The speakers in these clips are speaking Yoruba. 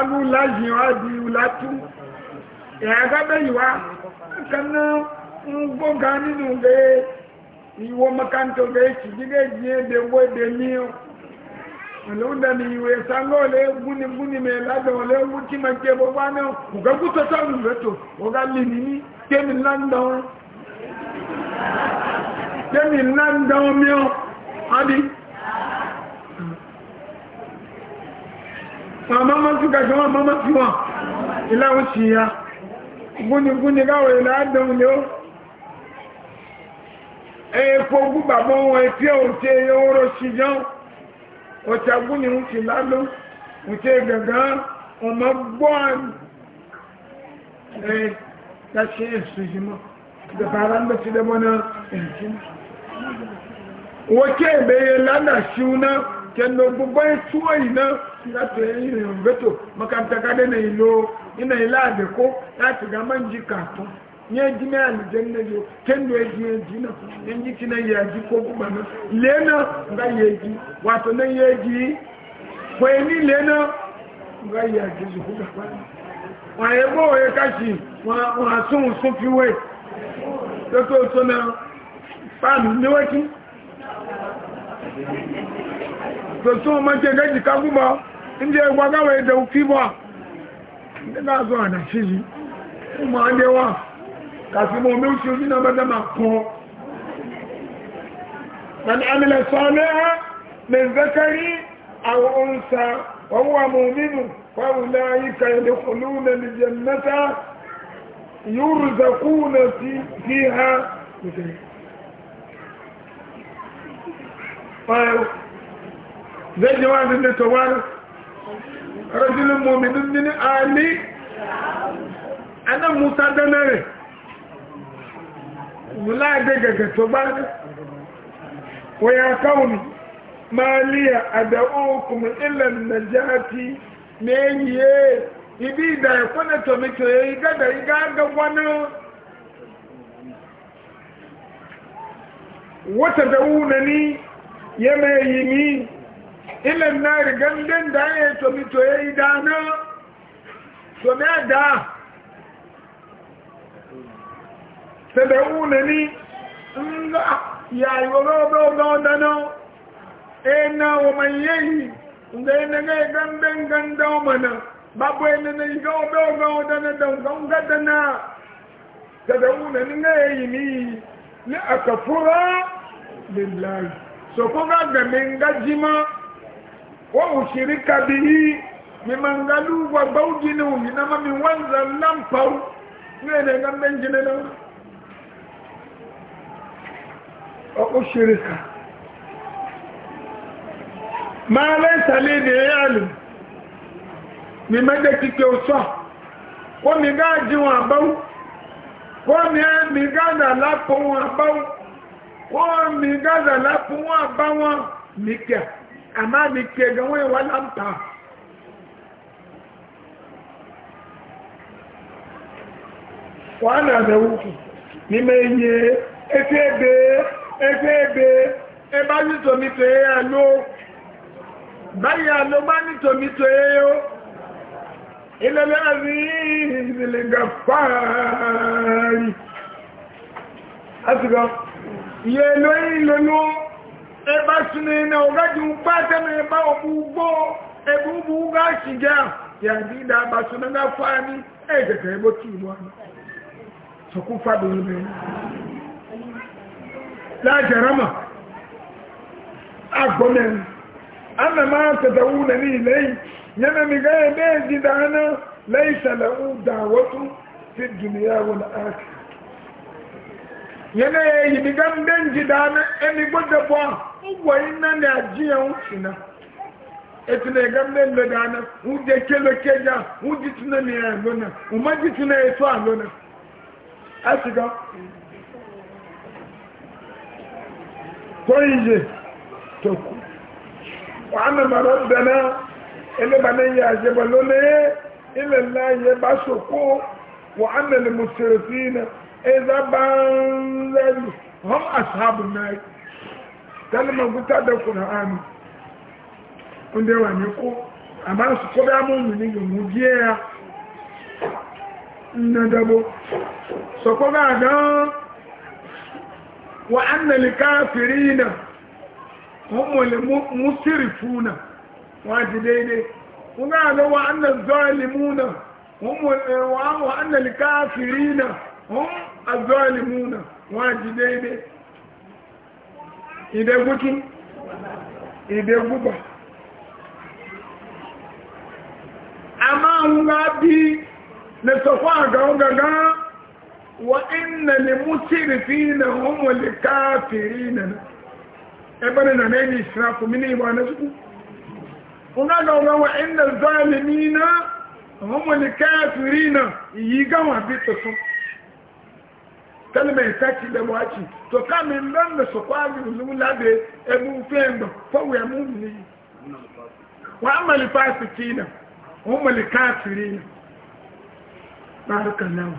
agula yiwa di ula tu yaga be yiwa kana ngo gani nu be iwo makanto be chijige je de wo de niyo lunda ni iwe sango le guni guni me lado le wuti ma ke bo bana ku ga ku to ta nu beto o ga li ni ke mi landa ke mi landa mama ma fi kashe wa mama fi wa ila wuce ya guni guni gawa ila adam ne o e ko gu baba won e pe o te yo ro si jan o ta guni un ti lalo un te gaga o ma gbon e ta se sujimo da baran ba ti da bona en ti wo ke be lana shiuna kendo gbogbo tuwo e ina láti ìrìn ògbétò makarantakadé na ìlò iná ilá àdẹ́kó láti ga máa ń jí kàtún ní ẹjí náà lùjẹ́ ní ẹjọ́ kendo ẹjí ẹjí náà ẹjí tí náà yẹ ẹjí kó gbogbo náà ilé náà nga yẹ ẹjí wàtò náà yẹ ẹjí pọ̀ ilé náà nga yẹ ẹjí wọn àyè bó káṣí wọn àsún sún fi tó tó tó náà fáàmù níwájú. to so manje gaji ka kuma inda ya gwaga wai da uki ba inda na zo ana shiri kuma an yawa kasi mo mi ushi ushi na bada mako man amila salihan min zakari aw unsa wa huwa mu'minu fa ulaika yadkhuluna al-jannata yurzaquna fiha Well, zai ji wani da tawar rajulun mominin mini ali anan musa danare mula da gaga tawar waya kawun maliya a da'okun ilan na jati meniye ibi da ya kuna tomito ya yi gada igaga wani wata da'unani ya mai yi ni ilẹ̀ náà rí gẹ́gẹ́ dáyé tòmítò èyí dáná tòmí àdá tẹ̀lẹ̀ wùlẹ̀ ní ńlá ìyà ìwọ̀lọ́gbọ́gbọ́ dáná ẹ̀nà ọmọ yẹ́yì ndé ẹ̀nà gẹ́gẹ́ gẹ́gẹ́ ọmọnà bábọ̀ ẹ̀nà ìgbọ́gbọ́ wa ushirika bihi mimangalu wa baujinu minama miwanza lampau ngene ngambe njine na wa ushirika ma laysa li bi'alim mimade kike uso ko mi gaji wa bau ko mi mi gaza lapo wa bau ko mi gaza lapo wa bau mi kia amma mi ke ga wani walanta wana da wuku n'ime ihe efe ebe efe ebe ebe anyị tomito ya lo báyìí àlọ́gbá ní tòmítò yíó ilẹ̀lẹ́ àrí ìrìnlẹ̀ gàfàárì àtìgọ́ ìyẹ́ lóyìn lónú eba sunene ogaji upata na eba ọgbụgbọ ebe ubu gị a ya dida basuna na fani eje ka ebe otu bwana so ku fadu ne la jarama agbomen anna ma tadawuna ni ilay yana mi ga ebe jidana laysa lahu da'watu fi dunya wal akhirah ya yi mi ga ben jidana emi godda bwana ngwai na na ajiya wuce na etu na ga mbe mbe da na wuje kelo keja ụdị tuna na ya lona ụma ji tuna eto so lona asiga ko yije to ku wa anna rabbana ele banan ya je ya ila allah ya basoko wa na lil musrifina idza banzal hum ashabun nar kalmar guta da ƙura'ani wanda yawa ne ko amma su ko da mun ne ga mu biya na dabo so ko ga ga wa anna lil kafirina hum wal musrifuna wa daidai ko ga ga wa anna zalimuna hum eh, wa wa anna lil kafirina hum azzalimuna wa daidai ìdẹ́gbókí ìdẹ́gbúgbà a máa ń gá bí lẹ́sọ̀fọ́ àgbàgbàgbà wà ínà lè mú tìrì fi ìnà ọmọ lè káàkiri ìnànà ẹgbẹ́ni nà mẹ́rin ìsìnà fún mi ní ìwà nẹ́sùkú wọ́n gá kalmar saki da waci to kamin don da su kwami lula da ebu fiyan da fawwe mumini wa amali fasiki na umali kafiri na barukan nan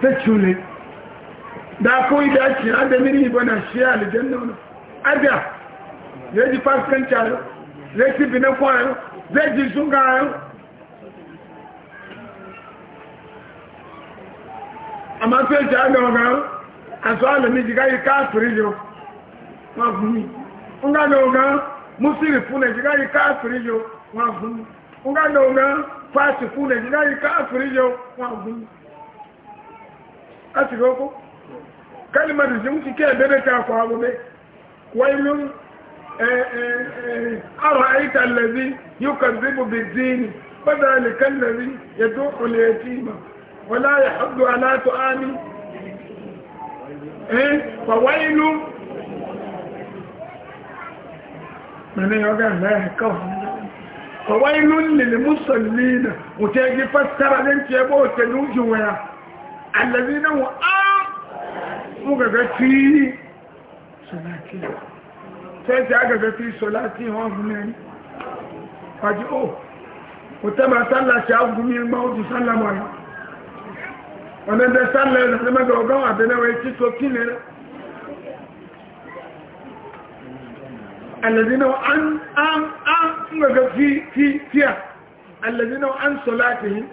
ta cule da kawai da ake adamiri bana shi aljanna wani ada ya ji fasikanci a yau zai ci bi na kwayo zai ji sun ga yau àmá tó ṣe àgbọ̀ngàn àṣọ àlẹ́mí jìgá yìí káàkiri yọ wọ́n fún mi ńgádọ̀ngàn músírì fún nẹ̀ jìgá yìí káàkiri yọ wọ́n fún mi ńgádọ̀ngàn fásì fún nẹ̀ jìgá yìí káàkiri yọ wọ́n fún mi láti rọ́kọ́ kálímàtì sí ń ti kí ẹ̀dẹ́dẹ́ ta fọ àwọn ọmọdé wáyé ló ń ولا يحض على طعام فويل من يوقع لا يحكوه فويل للمصلين وتجي فسر لنت يبو تنوجوا الذين هم مغغتي صلاتي تجي أغغتي صلاتي هم من فاجئوه وتبع صلى شعب من الموت صلى الله عليه wanda da sallar da zama da ogon abin da wai cito kine na allazi na an an an ga fi fi fiya allazi na an salatihi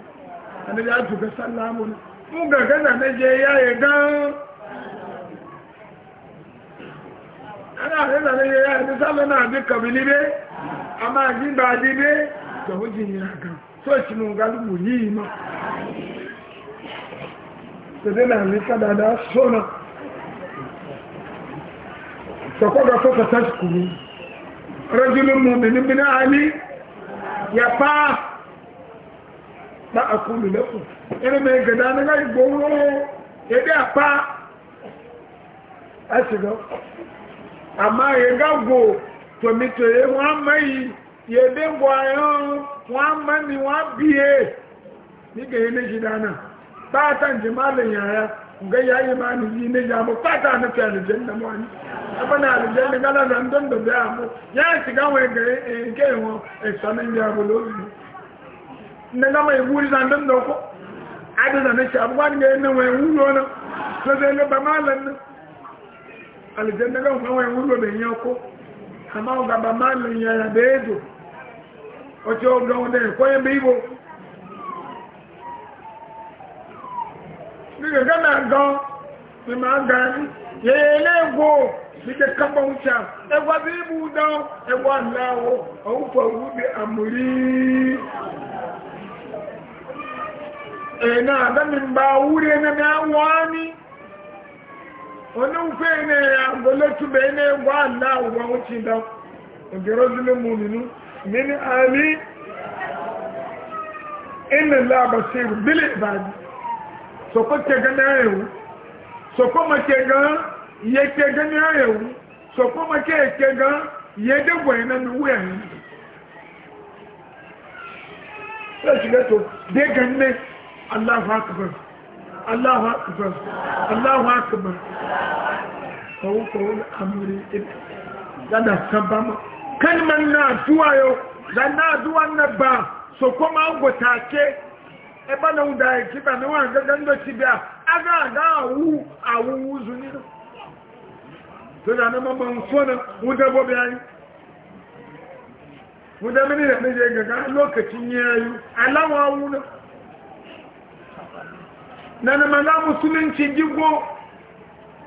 annabi ya tuka sallah mun mun ga gaza na je yaye dan ana rena na yaye yaye sallah na bi kabili be amma jin ba di be to hujin ya ga so shi mun ga mu yi ma tẹ̀lé náà ní kádàdá sọ́nà tọ́kọ́gá fọ́kà tásìkò mú rọ́júlù mú mi níbi náà na yàpá bá àkúlù lẹ́kùn ẹni mẹ́ gẹ̀dá nígbà ìgbòho ẹ̀dẹ́ àpá àṣìgọ́ àmá ẹ̀gá gò tòmítò yẹ wọ́n mẹ́yìí yẹ̀dẹ́ gbọ́ ayọ́ wọ́n mẹ́ni wọ́n bí yẹ nígbà yẹ na. bata jimalin yaya ga yayi ma ni yi ne ya mu bata na fi aljanna mu ani abụọ na aljanna gala nan don da ya mu ya shiga wai ga eh, ke ho e n'ozi. ya bu lo ne na mai wuri nan don da ko ne shabu ga ne ne wai na so sai ne ba malan aljanna ga ko ga ba malan ko gẹ́gẹ́ náà gan ni máa gan ní yẹ̀yẹ̀lẹ́ ìgbò nígbẹ́ kápọ̀ ń ẹgbà bí ibù dán ẹgbà láwọ ọ̀húfọ̀ ìwú àmúrí ẹ̀nà na bá wúrí ẹ̀nà wọ́n ní oníwúfẹ́ ẹ̀nà àgbẹ́lẹ́túbẹ̀ na ẹgbà láwọ soko tega na ewu soko ma tega ye tega na ewu soko ma ke tega ye de bo ina mi we ni sai ga to de ganne Allahu akbar Allahu akbar Allahu akbar kawo kawo amri dada sabama kan man na duwa yo dan na duwan na ba soko ma go take ebe na wuda ya kiba na wani gaga ndoci biya aga aga awu awu wuzu ni to da na mamma nso na wuda bobe ayi wuda mini da nije gaga lokacin yayu alawa wuna na na mala musulunci jigo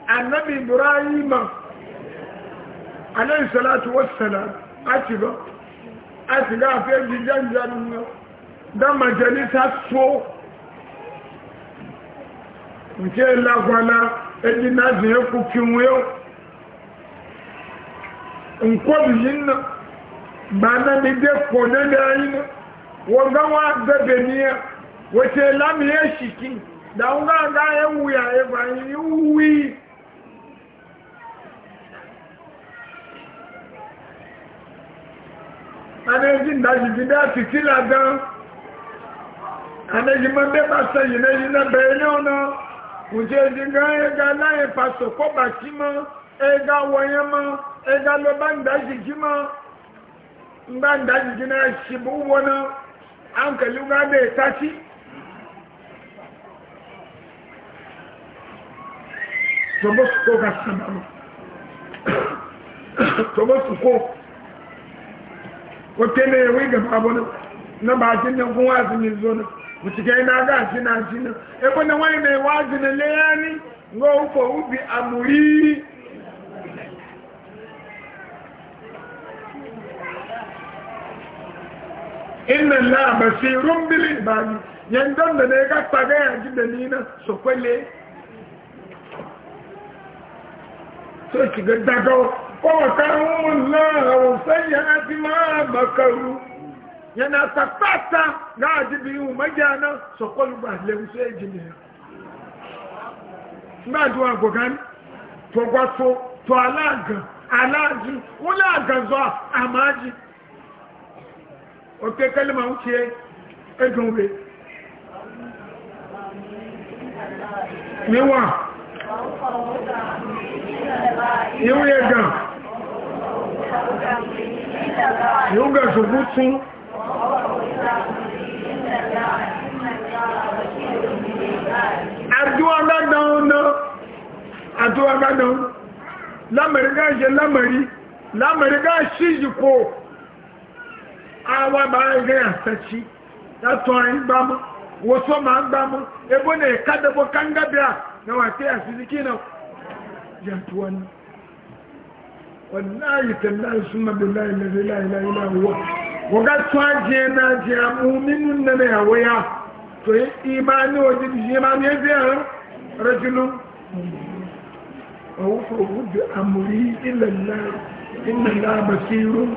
annabi ibrahim alayhi salatu wassalam a ci ba a ci ga fiye jijan jarin da majalisa so nke lagwana eji na zai kukin wiyo nkwabiyin na ba na mide kone da yi na wanda wa dabe niya wace lamiye shiki da nga ga ya wuya ya bayan yi wuyi ana yi jin daji gida fitila gan anẹ́yìn mọ́ bẹ́ bá sẹ́yìn lẹ́yìn náà bẹ̀rẹ̀ ní ọ̀nà ǹjẹ́ ìdíngá ẹgá láyé pàṣọ kọ́bà sí mọ́ ẹgá wọ̀nyẹ́ mọ́ ẹgá ló bá ń dájì jí mọ́ ń bá ń dájì jí náà ṣìbú wọná àǹkẹ̀lú ń gbé ìtásí. tòbósùkò ka sábà mọ́ tòbósùkò kò tẹ́lẹ̀ ìwé ìgbàgbọ́ náà bá a ní fún wáàsí ní zónà. wucike na ga shi na shi na ebe na wani na iwa ji na leya ni nga uko ubi amuri inna la basirun bil ibadi yan dan da ne ga ya ji na so kwele so ki ga daga ko ta mun la wa sayyati ma bakaru yana tafata na adibi ihu magyana sokolugba lewusu ejini nígbà tí wọn Gogan, ní tọgbàtọ tọ aláàgàn aláàjì wọn láàgàn zọ àmájì òkè kẹlẹ́mà ń ṣe ẹgbẹ̀rún rẹ̀ níwọ̀n ìwé ẹgbẹ̀rún ìwé ẹgbẹ̀rún tún Àdúwà gbádàn ọ̀nà, àdúwà gbádàn, lámẹ̀ríkà ṣe lámẹ̀rí, lámẹ̀ríkà ṣíjìkò, àwọn bá ẹgbẹ́ àtẹ́ṣí, látọ̀ ẹ̀ gbámọ́, wòsọ́ máa gbámọ́, ebó nà ẹ̀kádẹ́bọ́ kángábíà, náwà tí àṣíríkì náà, yàtọ̀ náà wallahi tallahi summa billahi alladhi la ilaha illa huwa waga twaje na je mu'minun na ne waya to imani waje bi imani ya biya rajulun wa wufu bi amri illa allah inna allah basirun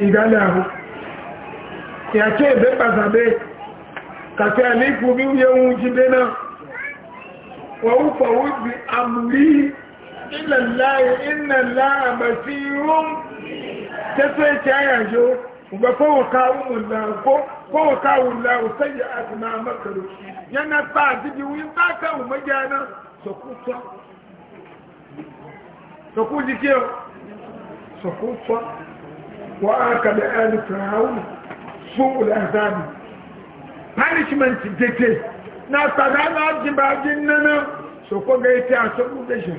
igalahu ya ce be bazabe ka ta alifu bi yawun jibena وأفوض بأمري إلى الله إن الله بصير تسويت يا جو وبفوقهم الله فوقهم الله سيئات ما مكروا ينا فاتدي وينباك ومجانا سكوتا سكوتي كيو سكوتا وآكل آل فرعون سوء الأهزام punishment dictates na taga na ajibajin nana so ko ga ita a sabu da shi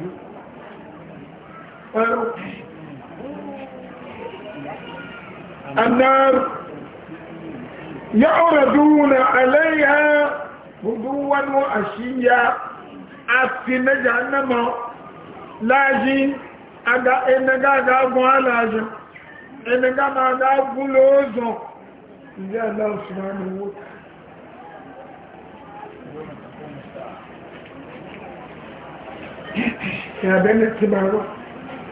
النار يعرضون عليها هدوا وعشيا أفن جهنم لاجي أغا إنغا غابوا لاجي إنغا ما غابوا لوزو إذا الله سبحانه وتعالى ya bene timawa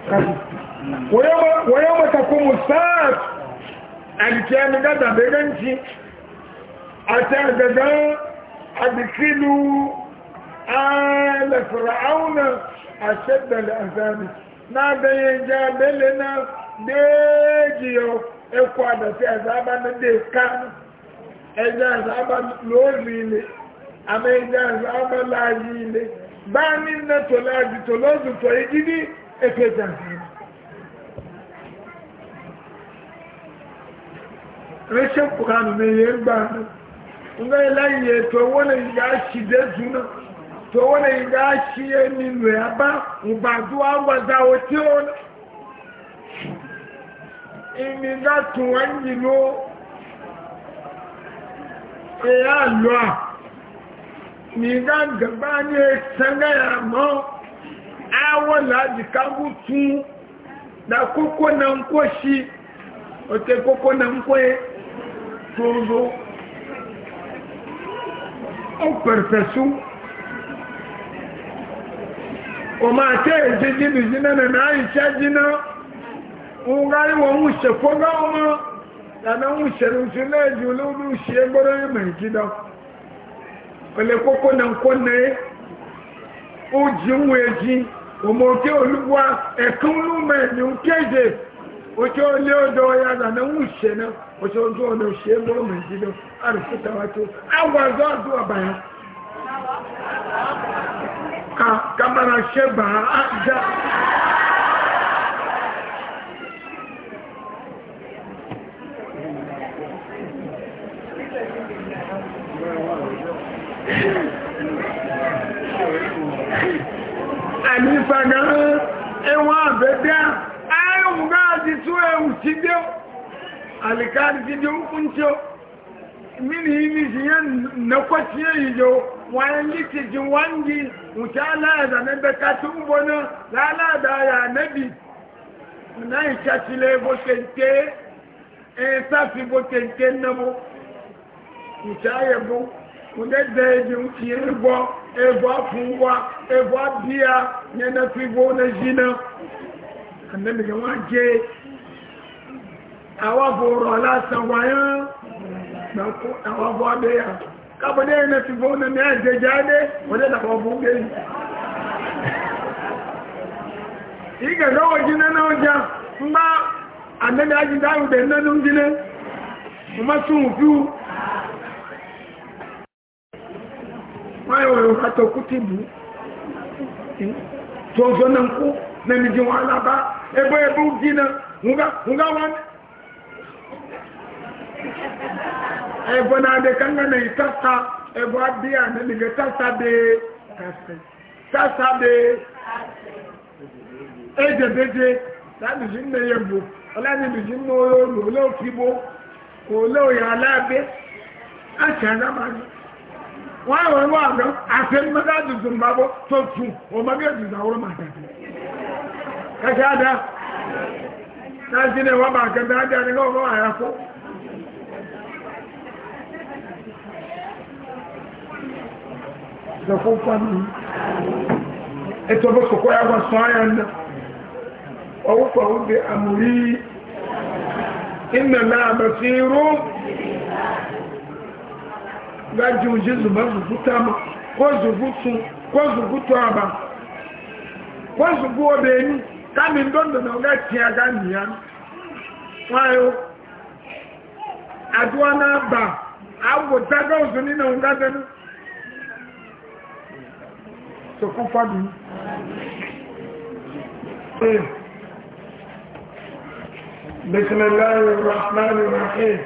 kazi wayoma wayoma takumu saat alikiyami gada beganci ata gaga adikilu ala fir'auna ashadda al'azabi na da yanja bele na dejiyo ekwa da sai azaba na de kan ẹja azaba lórí ilé àmì ẹja azaba láàyè ilé bá ní ná tòlá àti tòlá òsù tò ìdí ní èpè jàǹdà rẹ́ṣẹ́ kùránù ní iye ń gbà ní ńgá iláyè tó wọ́n lè yá ṣì dé zùnà tó wọ́n lè yá ṣì yé nínú ẹ̀ bá ìbàdó àwọ̀dá òtí ó ìní dá tùwọ́n yìí ló ẹ̀yà lọ́à miga gaba ne sangaya ma awon laji kagutu da koko na nkwo shi ote koko na nkwe tozo o perfesu o ma te eje jini jina na na aisha jina o gari wa nwuse foga ọma da na nwuse rusule julu olu shi egboro ime ole koko na nkone uji nweji omoke olugwa ekun lume ni ukeje oke ole odo ya da na nwushe na oke odo ona oshe ebe o mejido arufuta wato agwazo adu abaya ka kamara sheba aja bebea ayon gaji tuwe ucibiyo alikari jide hukunciyo mini hini jiye na kwaciye yiyo wayan liki ji wangi wuce alada na bekatu ubona da alada ya nabi na ikashile bokente e safi bokente nabo wuce ayebo ngede ji nti ebo ebo afunwa ebo abia nye na fibo na jina annabi ga waje awa boro la sawaya na ko awa bo abe ya ka bo de na fibo na me aje jade o de na ko bu de iga ga wo jina na oja mba annabi aji dawo de na nu jina kuma sun fiu ma yo hato kutibu to zo nan na mi jin wala ba ebe ebe e nga nga wan e bo na de kan na yi tata e bo adia na mi ga tata de tata de e de de de na mi jin me ye bu ala ni mi jin mo yo lo lo ki bo ko lo ya la be a cha na wọ́n àwọn ẹwọ́ àgbẹ̀ àti mẹ́ta dùdù mbàbọ̀ tó tún ọmọdé dùdù àwọn ọmọ àtàkì kẹ́kẹ́ àdá láti ní ẹwọ́ bà kẹ́kẹ́ àdá ní ọmọ àyà fún ìjọkọ́ pàmì ètò bó ya wà sọ ńlá ọwọ́ rú gaji mu ji zuba zubu tama ko zubu sun ko zubu tuaba ko zubu obe ni kami ndondo na oga tiya ga niya wayo aduwa na ba agbo daga ozu ni na oga denu so kun fadu بسم الله الرحمن الرحيم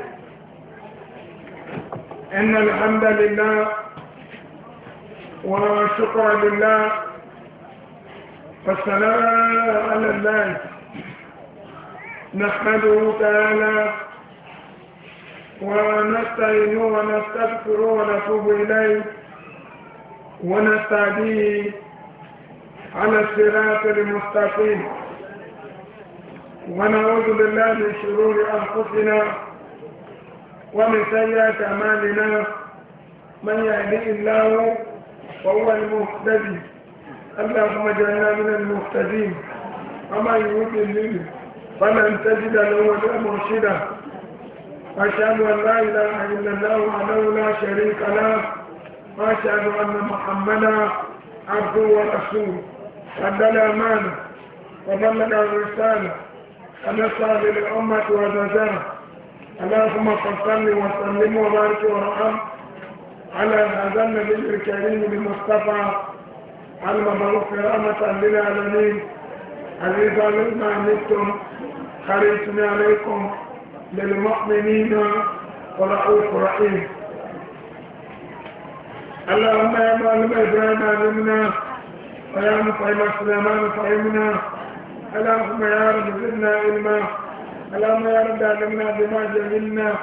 إن الحمد لله والشكر لله والسلام على الله نحمده تعالى ونستعين ونستغفر ونتوب إليه ونستهديه على الصراط المستقيم ونعوذ بالله من شرور أنفسنا ومن سيئات أعمالنا من يهدي الله فهو المهتدي اللهم اجعلنا من المهتدين ومن يضلل فلن تجد له ولا مرشدا أشهد أن لا إله إلا الله وحده لا شريك له وأشهد أن محمدا عبده ورسوله أدى الأمانة وبلغ الرسالة ونصر للأمة وزجرها اللهم صل وسلم وبارك ورحم على هذا النبي الكريم المصطفى المبروك رحمة للعالمين عزيزا لما عنتم حريصني عليكم للمؤمنين ورؤوف رحيم اللهم يا معلم ابراهيم علمنا ويا مطعم سليمان فهمنا اللهم يا رب زدنا علما اللهم يا رب علمنا بما جهلنا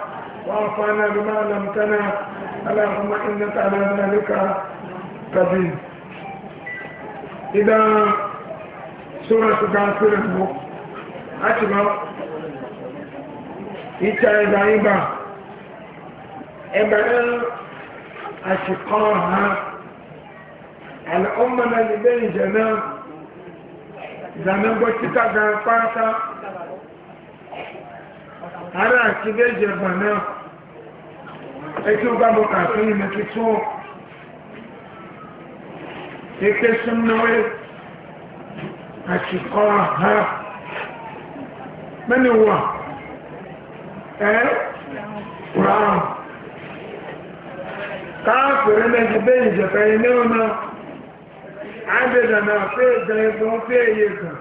وأعطانا بما علمتنا اللهم إنك على ذلك قدير إذا سورة كافر أتبع إتا إذا إبا إبا أشقاها الأمة اللي بين جنا زمان قلت تتعلم ara àti bẹ́jẹ̀ bà náà ẹkí ọgbà bọ̀ kàfin ìmẹ̀kí tó ẹkẹ́ súnmọ́wé àti kọ́ ha mẹ́ni wà ẹ́ ràn káàkiri mẹ́jẹ̀ bẹ́jẹ̀ bẹ́jẹ̀ náà náà àbẹ̀dà náà fẹ́ ẹgbẹ́ wọn gan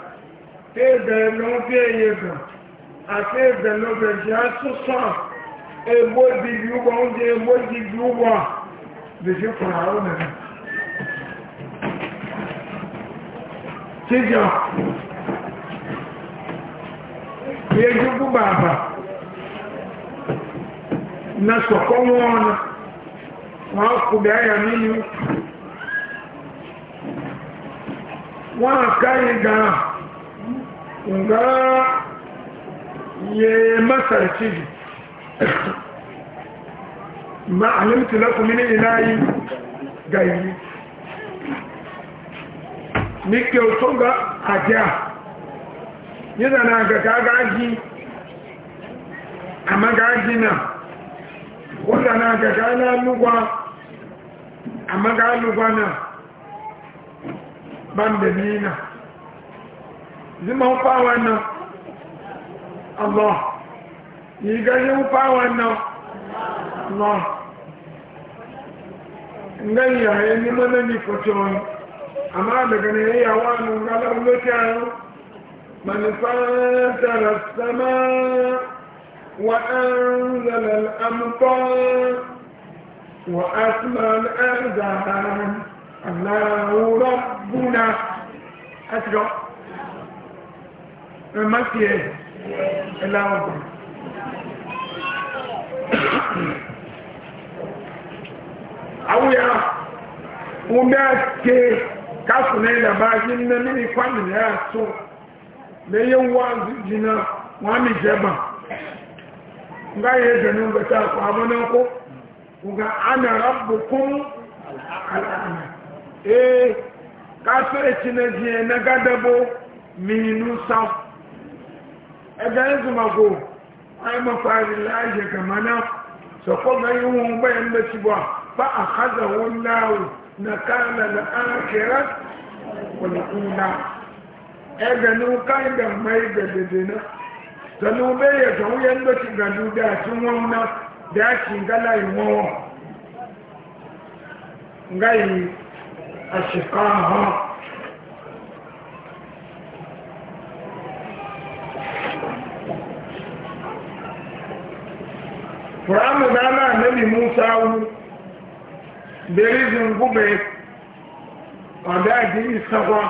fẹ́ ẹgbẹ́ wọn gan àti ìbẹ̀lọ́bẹ̀jẹ́ àtúnṣàn ègbó dìbì ugbọ oúnjẹ ègbó dìbì ugbọ lèṣe fara ó nẹ̀rẹ̀ tíjà yẹjú gbúgbà àbà na sọ̀kọ́ wọn ọ̀nà wọn kò bẹ̀ ayà nínú wọn àkáyé gara ǹgáà ya masarci ma alimtu lakum min ilahi gairi nike ga ajiya yana na ga gagaji a magaji na wanda na ga galalugwa a magalugwa na bandamina zima fawa na Allah yi ganin fawon nan Allah ngan yayin ni mana ni kwacewa amma daga ne ya yawa nun galar lokacin manufanta da sama وأنزل الأمطار وأسمى الأذان الله ربنا أسرع المسيح ẹláwọ̀n tó awuya wumbe ke kasu na ina ba yi nne mini kwani na ya so na jina nwami jeba nga ihe jenu mbata kwa amana nkwu nga ana rabbukum al'ana eh kasu echi na jiye na gadabo minu south ẹgbẹ́ ẹ̀zùmọ̀gbò ayébọ̀fààrí láàyè kàmánà sọ̀kọ́gbà yíwọ̀ ń bẹ́ẹ̀ ń bẹ́ẹ̀ tibọ̀ bá àkàzà wọn láàwù na na ẹgbẹ́ ní káàdà máyé gẹ̀dẹ̀dẹ̀ anabi musa wu berizin gube ọ̀dá di ìsọ̀kọ́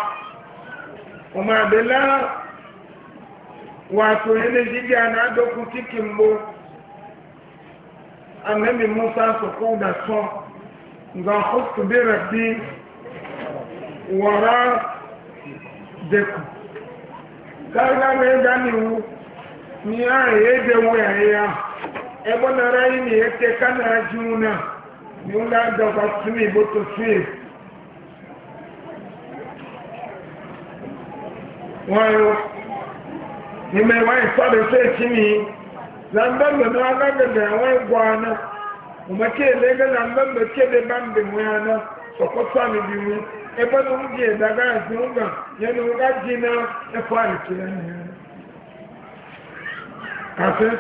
ọmọ àbẹ̀lá wàtò ilé jíjẹ́ ànádọ́kù kíkì mbó anabi musa sọ̀kọ́ ọ̀dà sọ nga hósù bí rabbi wọ̀rọ̀ dẹkù káàkiri ẹ̀dá ni wu ni a èyí dẹ̀wọ̀ ẹ̀yà. ebe na rayu ne ya ce kana juna yuna da wasu ne butu fiye wayo ni wayo sabi sai ci ne zamban da na gaga da yawon gwana kuma ke lega zamban da ke da ban bin wayana biyu ebe na wuce daga yanzu wuga yana wuga jina ya fara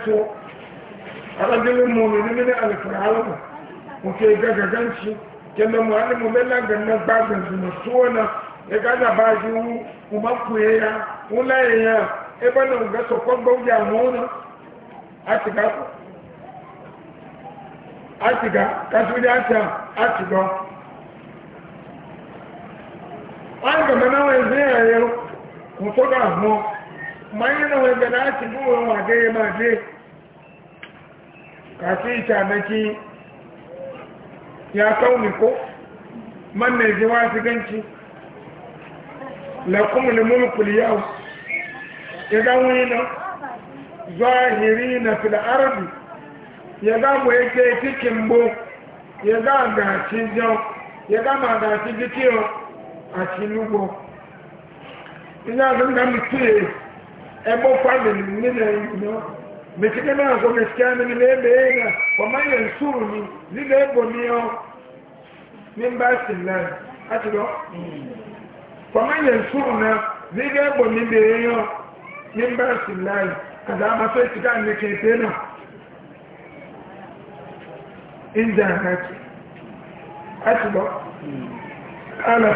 so alajilin mummuni mini alfahalamu muke gagaganci kenda muhalimu mela ganna gbagan su na suwana ya gaza ba shi wu kuma kuye ya wula ya ya ebe na ga sokon gauja mona a tiga a tiga kasu da ta a tiga an gaba na wani zai yayo kuto ga mo manyan na wani ga a tiga wani ga ya ma je kafin ita nake ya kauni ko man ne ji wasu ganci lakum mulkul yau idan wani na zahiri na fil arabi ya ga mu yake cikin bo ya ga ga cijo ya ga ma ga a cinugo ina ga mutu e bo fa ne ne ne mekene na zo mesikiana nilebeena na yansuruni nileboniyo nimbasilani atido waman yansuruna nilebonibeeyo nimbasilani kazama so ala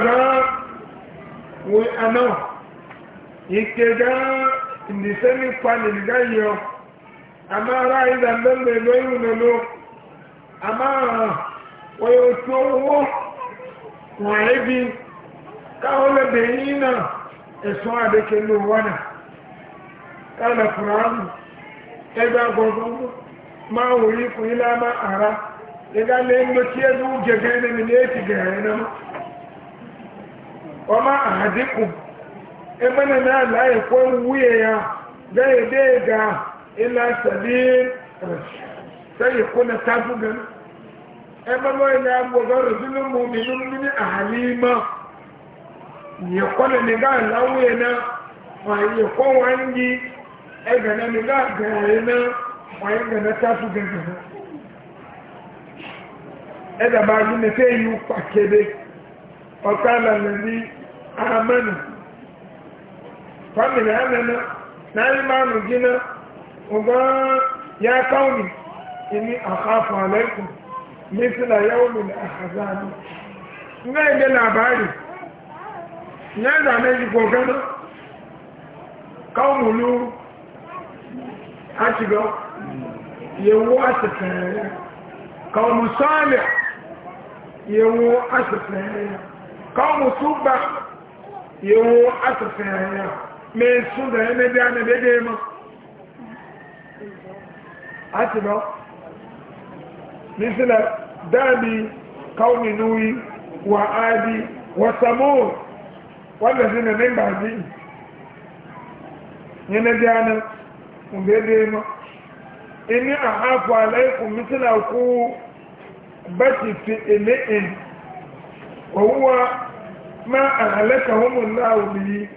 ga ike gaa ndisemi panel ga yio ama ara ida mbembe ebe ihu n'elu ama oye otu owo wọn ebi káwọn lẹbẹ yìí náà ẹsùn àdékè ló wọnà káàlà fúnraàmù ẹgbẹ agbọgbọgbọ máa wò yí kò ilé ama ara ebe na na ala ekwe nwunye ya ga-ede ga ila sabi sai kuna tabu gan ebe mo na agbo ga rojulu mu mi nu mi ahalima ye kona ni ga ala nwunye na wa ye ko wangi ebe na ni ga ga na wa ye na tabu gan gan ebe ba ni ne fe yu pakebe ọ̀tá lànà ní amẹ́nu famin hannana na limanu gina ugan ya kauni ini a kafa alaikun mitila yaumin a hazani ina ile labari ya zane ji gogana kaunulu a shiga yawo a tafiya kaunu sami yawo a tafiya kaunu tuba mai su da ya mai biya na daidai ma a ti ba misila dami kauni nuyi wa adi wa samu wanda shi na nan ba ji ya na biya ini a hafu alaikun ku baki fi ime'in wa huwa ma a halaka homun la'ubi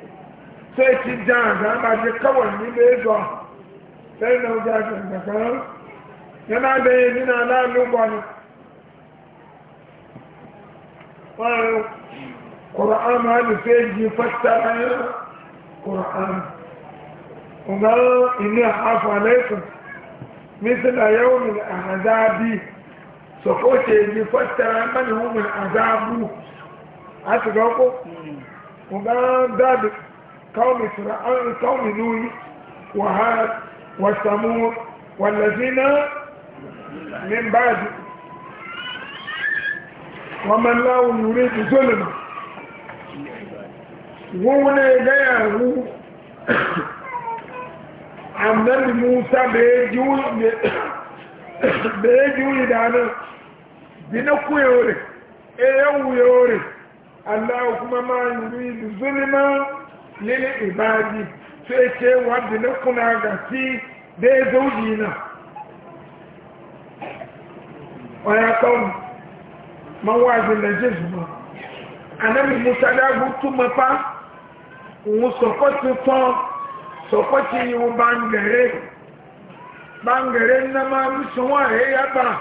sai ci jan da ba shi kawai ni bai zo sai na da kan yana da yi nuna na lubani ƙwayo ƙura'an ma da sai ji fassara yin ƙura'an ƙungar ini hafa laifin azabi so ko ce ji mani hu azabu a قوم فرعون قوم نوح وعاد وثمود والذين من بعد ومن لا يريد ظلما wọ́wọ́lẹ̀ ẹgbẹ́yàwó àmì musa bẹ̀ẹ́jú ìdáná bínú kú yóò rẹ̀ ẹ̀yẹ́wù yóò rẹ̀ aláwọ̀ kuma máa yìí lil ibadi sai ce wadda na kuna ga ci dai zauji na wa ya kawo mawazin da jesu ba annabi musa da hutu mafa wu sokoti tɔ sokoti yiwu bangere bangere nama misɔngɔ he yaba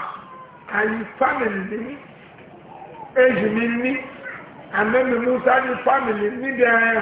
ayi famili ni ezimi ni amemi musa ni famili ni dɛ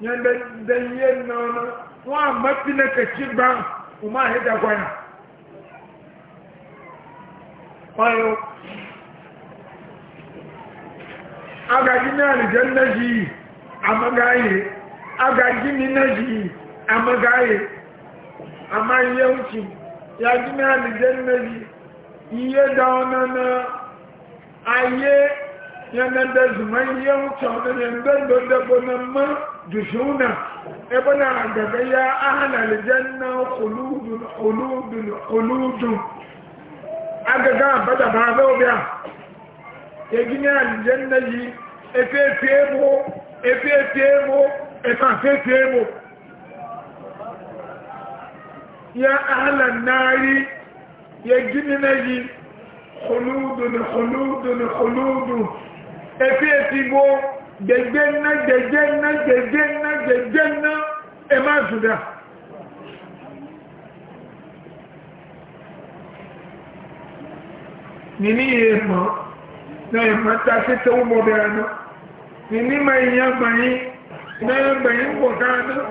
yanda da yin na wani wa mafi na kaci ba kuma a hida gwana kwayo agaji na alijan na ji a magaye agaji mi na ji a magaye amma yauci ya ji na alijan na ji iye da wani aye yana da zuman yawuta wadannan dandon dabonan ma dushuna ebana daga ya ahala aljanna khuludun khuludun khuludun agaga bada ba zo biya ya gini aljanna yi efe febo efe febo efa fe febo ya ahala nari ya gini na yi khuludun khuludun khuludun efi etigbo gbegbe nna gbegbe nna gbegbe nna gbegbe ema zuda nini ye ma na nini ma nya na ye gbanyi bɔ ka ano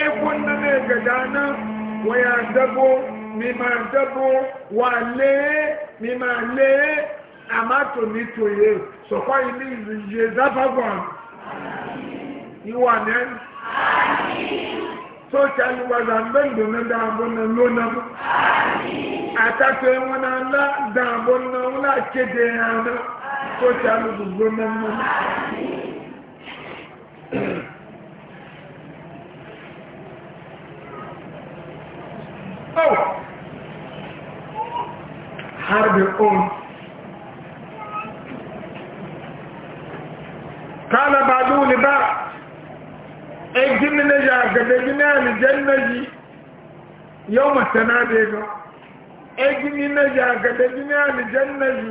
eko na egada ano wɔ ya dabo mi ma wa lee mi ma lee. amato nitoye sọkwa ilé ìrìnjẹ záfàgbà ìwà nẹ́ to chali wàzà mbẹ́ndò ní dàbọ̀ ní lónà àtàtò na náà ńlá dàbọ̀ náà ńlá kéde àná Oh, kala ba duni ba e gini na ya gada gini alijanna ji yau masana da ga e gini na ya gada gini alijanna ji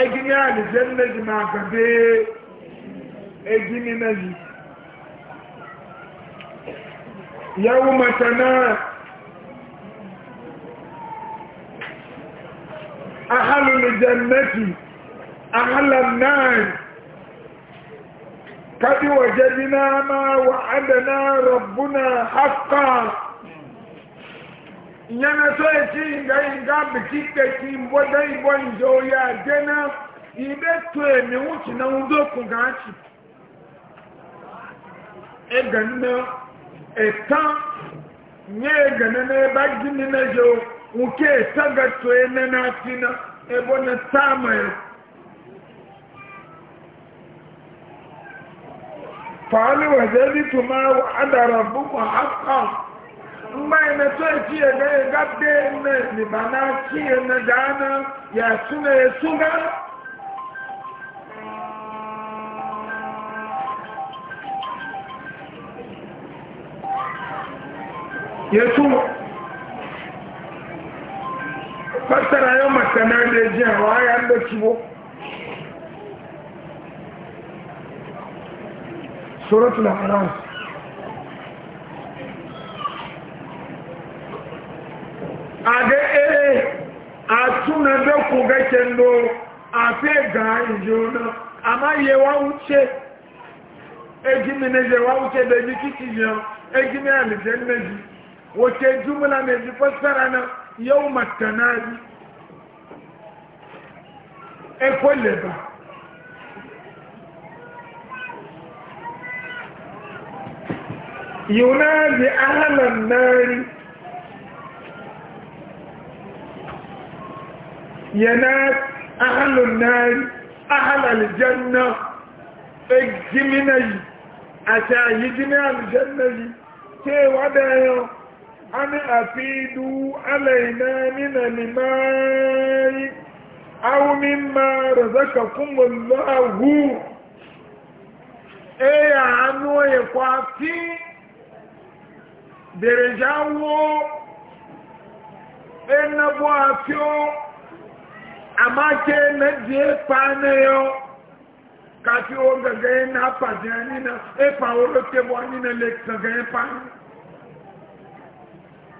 e gini alijanna ji ma gada e gini na ji yau masana ahalul jannati ahalan nan قد وجدنا ما وعدنا ربنا حقا yana so ya ci ga inga biki da ki mboda ibo njo ya jena ibe to emi nwuchi na ndo ku ci e ganna e ta na ebe gini na jo nke ta na ya fàálì wẹ̀dẹ́ ní tùmá àdàrà búkọ̀ àpá mma ẹ̀nà tó ẹ̀kí ẹ̀gá ẹ̀gá dé ẹ̀nà nìbà náà kí ẹ̀nà dáná yà súnà ẹ̀súgá yẹtu pásítọ̀ ayọ́ màtẹ̀ náà lè jẹ́ àwọn ayá ń lọ wọ́n. suratul A'raf ade ee atuna be ku ga kendo afe ga injona ama ye wa uche ejimi ne ye wa uche be ji kiti yo ejimi ali je meji wote jumla meji fasara na yawma tanaji ينادي أهل النار يناد أهل النار أهل الجنة اجمني أتا يجمع الجنة كي ودايا أن أفيدوا علينا من الماء أو مما رزقكم الله هو إيه عنو يقاتل dereja wo enabo afio amake na die pane yo kati o gaga na pajani na e pa o ke na le gaga pa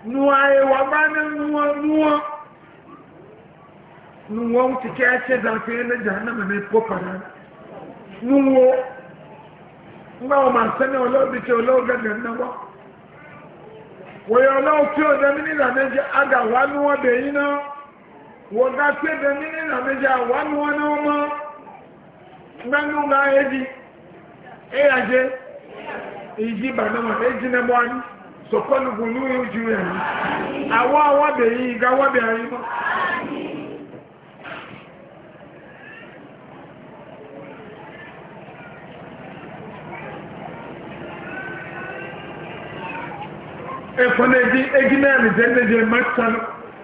nuwa e wa bana nuwa nuwa nuwa o ti ke che da pe na jahannama me ko para nuwo ngba o ma na wa wòye ọlọ́wọ́ tí ọ̀dọ́ mi méjì àgà wà ní wọn náà wọ́n gá tí méjì àwà ní wọn náà mọ́ nánú ńlá ẹ̀dí ẹ̀yà ìjì bàdánwà ẹ̀jì náà ní ojú rẹ̀ àwọn àwọn bẹ̀ yín na egi ekwoneji egina alize nneje matano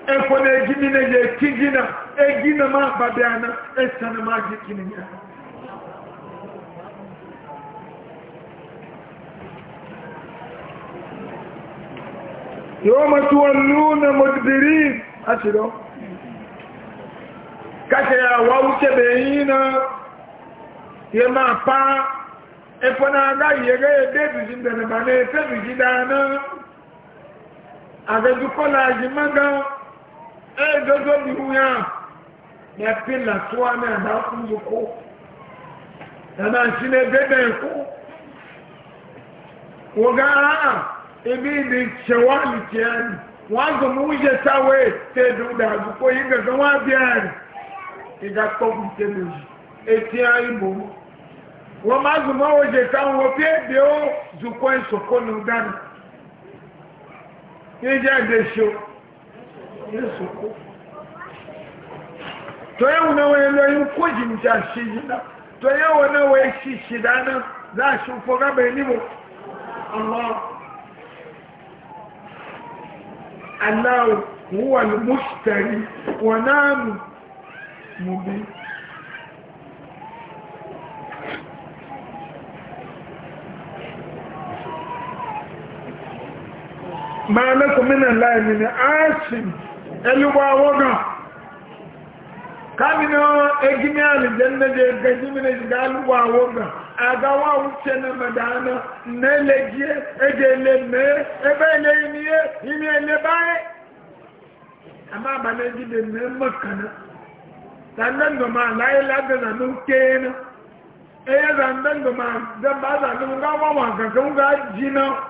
ekwoneji mineje kigina egina ma babiana esana ma jikininya yawma tuwalluna mudbirin ashiro kake ya wawuce beyina ya ma pa ebe aga ndere ebebi na bana efebi jidana Avec du de mais mais puis la àgbẹ̀jú kọ́lá àjìmọ́gá ẹ̀ẹ́dọ́gbọ́ bí wúyà mẹ́pí làtúwà náà dá fún mi kó ẹ̀nà ìṣílẹ̀ bẹ́bẹ̀ kó wọ́gá ara ah, ibi ìdí ṣẹ̀wá ìtì ẹni wọ́n á gbọ̀mú wúyẹ sáwé tẹ́ẹ̀dùn dàgbù kó yí gẹ̀gẹ́ wọ́n á bí ẹ̀rì ìgbà pọ̀kù tẹ́lẹ̀ yìí etí ayìnbó wọ́n má gbọ̀mú wúyẹ sáwé wọ́n fi èdè ó zùkọ́ ìṣòkó nù dánù yóò jẹ́ àgbèṣò yóò sòkó tó náà wọ́n lọ yóò kó jìnnìjà ṣe yìí náà tó yẹ́wò náà wọ́n ṣì ṣì dáná láàṣù fọ́gábẹ̀ níbo aláwọ̀ wọ́n wà ní wọ́n náà mú ma lakum min allahi min asim eluwa woga kamino egimi alijanna je gajimi ne ga luwa woga aga wa wuce na madana ne legie eje le me ebe le imiye ele le bae amma ba ne gide ne makana sannan da ma layi lada na nuke na eye zandan da ma zan ba zandan ga wa wa ga ga na.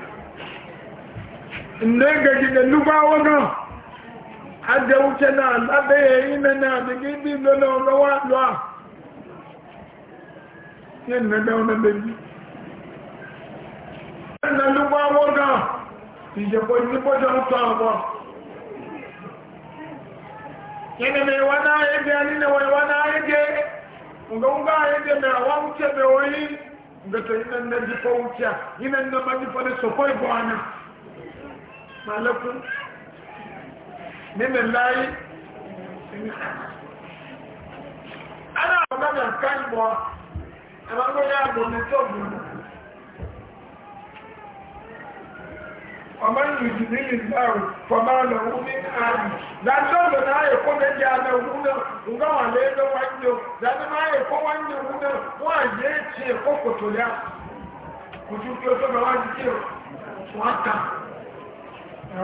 inda ga gidan lubawa gan hajjá wuce na lábẹ́ ime na àbíkí bí lọ́nà na lọ́wà yẹ na ọ̀nà lẹ́bí ẹ̀nà lubawa gan ìjẹ̀kọ̀ ìjẹ́kọ̀jọ́ ń tọ́ àwọ̀ yẹnà mẹ́wàá na ẹgbẹ́ nínú ẹwàá náà ẹgbẹ́ ǹgbọ́ngbà ẹgbẹ́ mẹ́wàá wuce mẹ́wàá yìí ǹgbẹ̀tọ̀ iná na fọ́ na iná nẹ́gbẹ́ malakun mímẹ̀ láyé ana ọ̀gbọ́nà kánìbọ̀ ẹgbẹ́gbẹ́ àgbò ní tó gbùnà ọmọ ìrìnjì ní ìgbàrù fọmọ́lọ̀ ní ọzọ dájọ́lọ̀ náà èkó méjì ndị ọzọ ǹgbọ́wà lẹ́ẹ̀dọ́ wájú dájọ́ an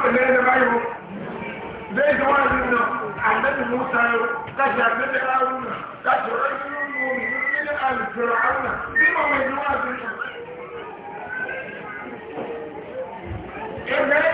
tsaye da bayo zai zama nuna annabi musa yau kashi annabi haruna kashi rajulun nomi min al-fir'auna bima mai zuwa zuwa in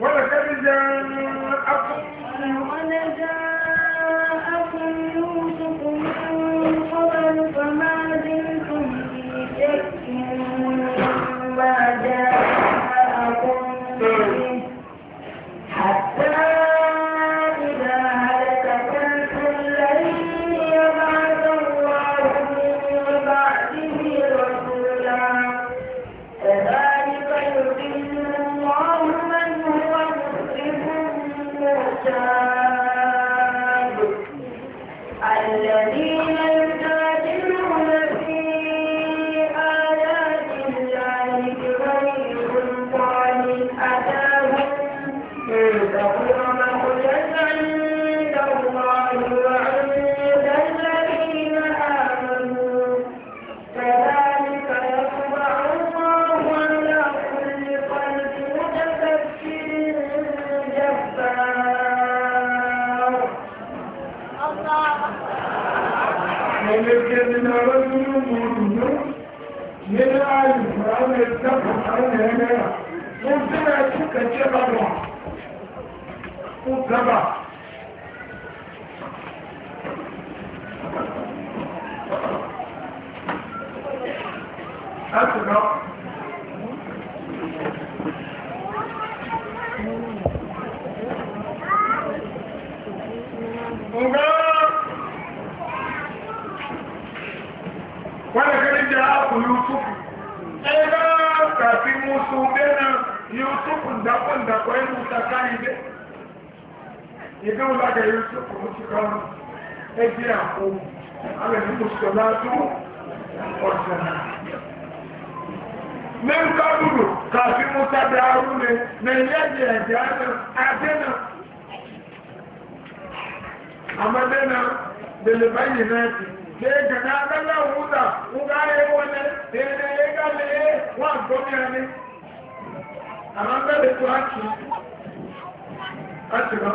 ولقد جاءكم ولقد جاءكم ولقد جاءكم يوسف إذا كفي موسى بنا يوسف دقن دقن موسى كان يقول لك يوسف مسكرا أجي أقوم على المسكنات والجنة من قبل كفي موسى دارون من يجي أجانا أجانا أما لنا بالبينات ṣe gàdá a òwúta ńgá ayé wọlé tẹ́lẹ̀ ẹgbẹ́ lè wà gbọ́mí ẹni àwọn bẹ́ẹ̀ tó á kì í á ti lọ.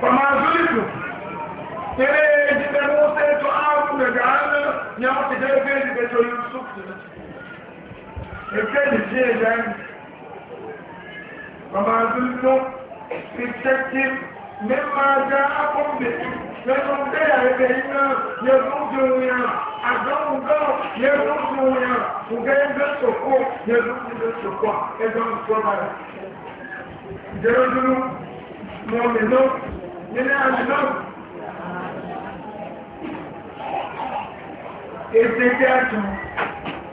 Fama zulitu, tere jidanu sai to abu daga hannun ya wata jirgin ekeli fiyeden mamazunlu istekim mimma ja'akum bi lẹ́nu bẹ́ẹ̀ ẹgbẹ́ iná yẹ̀rúdù ya àdánwùgọ́ yẹ̀rúdù ya ǹgẹ́ ẹgbẹ́ sọ̀kọ́ yẹ̀rúdù ya sọ̀kọ́ ẹgbẹ́ sọ́mà rẹ̀ jẹ́rọ̀dúró mọ̀mìnà nínú àmìnà ètè jẹ́ àtúnwò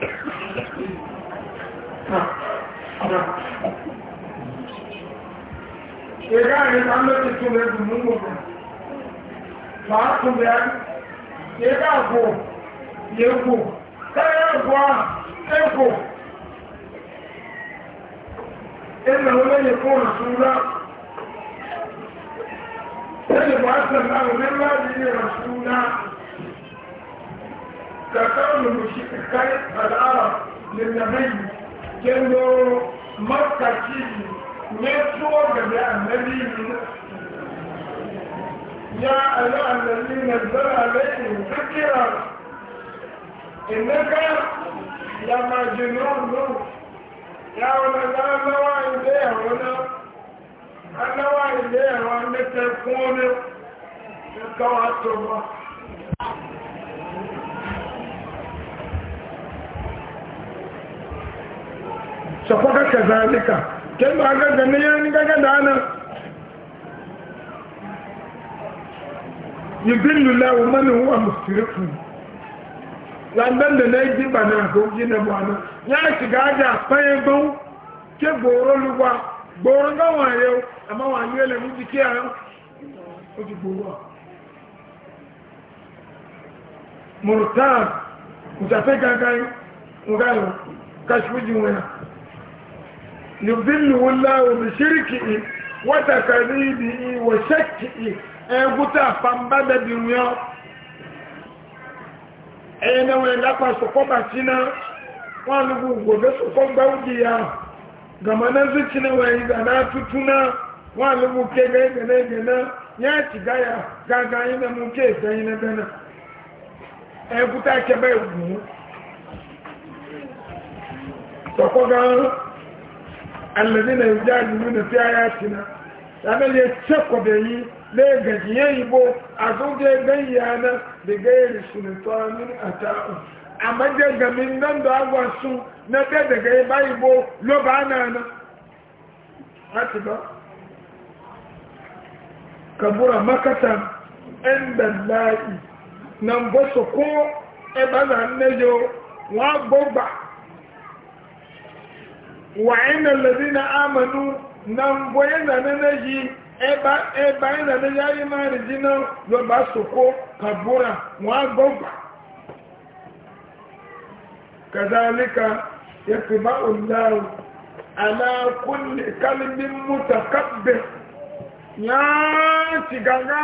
ඒකාගේ සම්බන්ධ තුනේ දුන්නු පාතුම් යන් ඒකාකෝ යකෝ කයවා ඒකෝ إنه لن يكون رسولا إن بعثنا الله من بعده رسولا كقول المشركين العرب للنبي كانوا مكة كيلي نسوا قبل النبي يا أيها الذين نزل عليهم ذكرا إنك يا مجنون يا ولد أنا وعيديه هنا أنا وعيديه وأنا تكون تكون sakwaka kazalika ken ba ga ga ya ni ga ga dana yudillu lahu man huwa musrifun landan da na ji na ko ji na bana ya shiga da fayin bau ke goro luwa goro ga wayo amma wa ni le mu dike ayo o ti goro murtad mutafe gangan ngayo kashfuji wena yuzilluhu Allahu bi shirkihi wa takribihi wa shakkihi eguta pamba da dunya ene we la kwa soko batina wa lugu gobe soko baudi ya gama na zucina wa yi na tutuna wa lugu ke ga ga ga na ya ci ga ya ga ga ina mu ke ga ina na eguta ke ba ugu soko ga alladina yujadiluna fi ayatina sanan ya cekwa da yi ne gajiye yibo a zuje gayya na da gairi sultanin ata'u amma nan da na da daga yi bo na na hati ba kabura la'i nan ko na wàhánà lèdí na ámànú na ngwọ́yé na nẹ́nẹ́ yìí ẹbá ẹ̀nà nẹ́yà ayé máa rìn jí náà lọ́ba sòkó kàbúrà wọ́n á gbọ́gbà kàdálíkà yẹtùbá òláwù aláàkúnlẹ̀ kálíbí mútàkàbẹ̀ yáà ti gàgá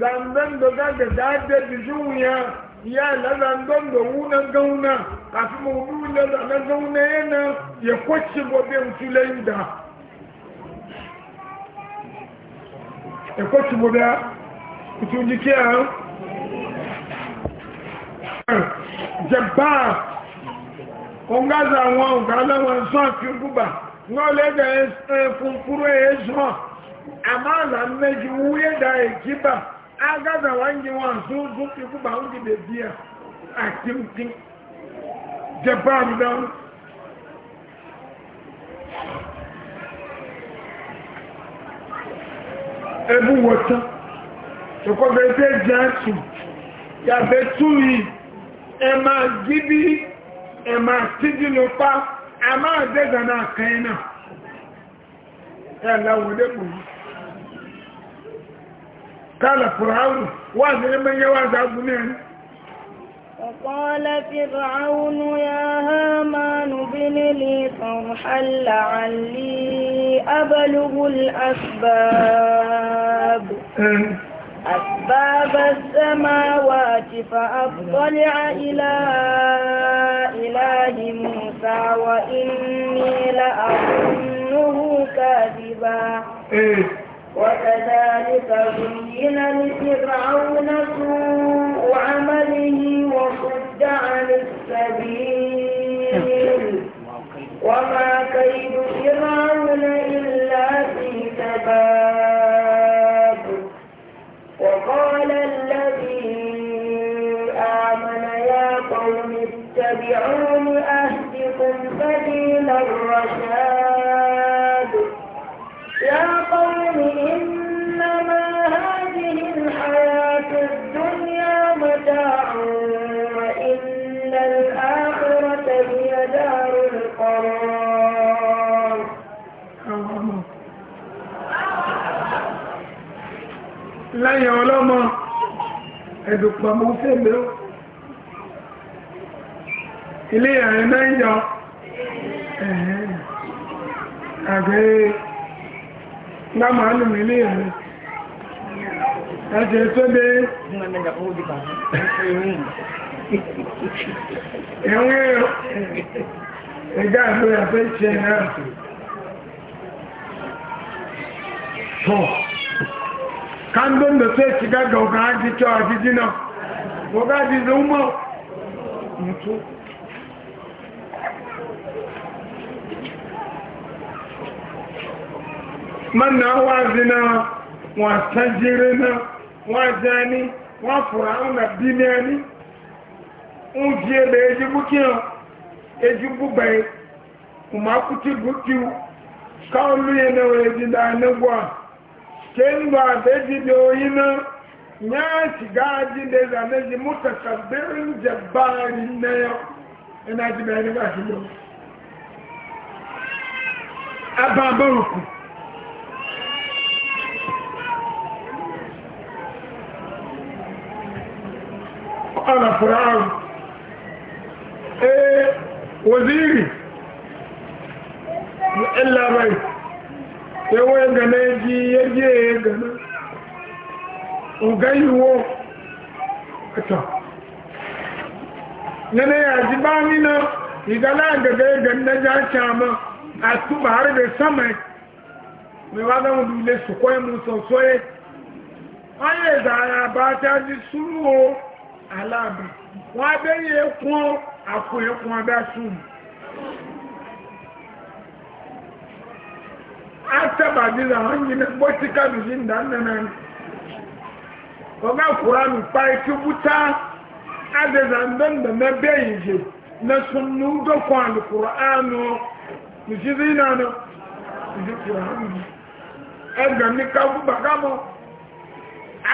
zàndẹ́ndọ̀gá gẹ̀dá dẹ́bìjú ya lalan don eh? da wunan eh, gauna kafin mawudu na gauna yana ya kwace gobe mutulai da ya kwace gobe mutuji kiyan jabba konga zawon ogalawan son fi guba n'ole da ya fun kuro ya zuwa amma na da ya agaza wanji wanzu zuki kuba wanji bebia akimti japan down ebu wata sọkọ bẹ̀rẹ̀ jẹ́ẹ̀tù yàbẹ̀ túyì ẹ̀mà gidi ẹ̀mà tíjì ló pa ẹ̀mà àdẹ́gbẹ̀rẹ̀ àkàyẹ̀ náà ẹ̀ láwọn ẹ̀dẹ́gbẹ̀rẹ̀ قال فرعون وأنا من يواز عبدالمين وقال فرعون يا هامان ابن لي صرحا لعلي أبلغ الأسباب أسباب السماوات فأطلع إلى إله موسى وإني لأظنه كاذبا وكذلك زين لفرعون سوء عمله وصد عن السبيل وما كيد فرعون إلا في تباب وقال الذي آمن يا قوم اتبعون أهدكم سبيل الرشاد يا قوم إنما هذه الحياة الدنيا متاع وإن الآخرة هي دار القرار لا يا علماء ẹ̀dùpọ̀ mọ́ fèmí ó ilé ẹ̀rẹ́ náà ń yọ ẹ̀ẹ́ àgbẹ̀ẹ́ na ma nù mí ní ìlú ẹ̀jẹ̀ tó dé ẹ̀wọ̀n ẹ̀gá àfẹ́ àfẹ́ ṣe náà tọ́ kándó ń dọ̀tọ́ ẹ̀ṣìgá chọọ jíjọ́ àjíjí dị man na wazi na wa tajiri na wa jani wa furaun na biniani un je be ejibu kiyo ejibu bai kuma kuti gukiu ka olu ye na wa eji da ne gwa ke ndo abeji de oyi na nya ci gaji de za ne ji mutakabbirin jabbari na yau ina ji bayani ba shi yau ababarku na fir'aun e eh, waziri illa bai sai waya gane ji yaje ya gane ugayiwo ta nane ya ji ba ni na igala gaga ya gane ja chama a tuba har da sama mai wada mu dule su koyi mu sosoye aye da ya ba ta ji suru aláàbò wọ́n abẹ́yẹ kún àkó ikun abẹ́sùn atẹ́bàdìlà wọ́n yìí ní gbọ́tí kábìlì ìdánilẹ́nà ọgá kùránù pa ikú búta adẹ́zà ndọ́ndọ̀mẹ́ bẹ́yìí jẹ́ na sunnu dọ́kọ̀ na nìṣírí ìlànà ìdí kùránù ẹgbẹ̀mí kábùbà kábọ̀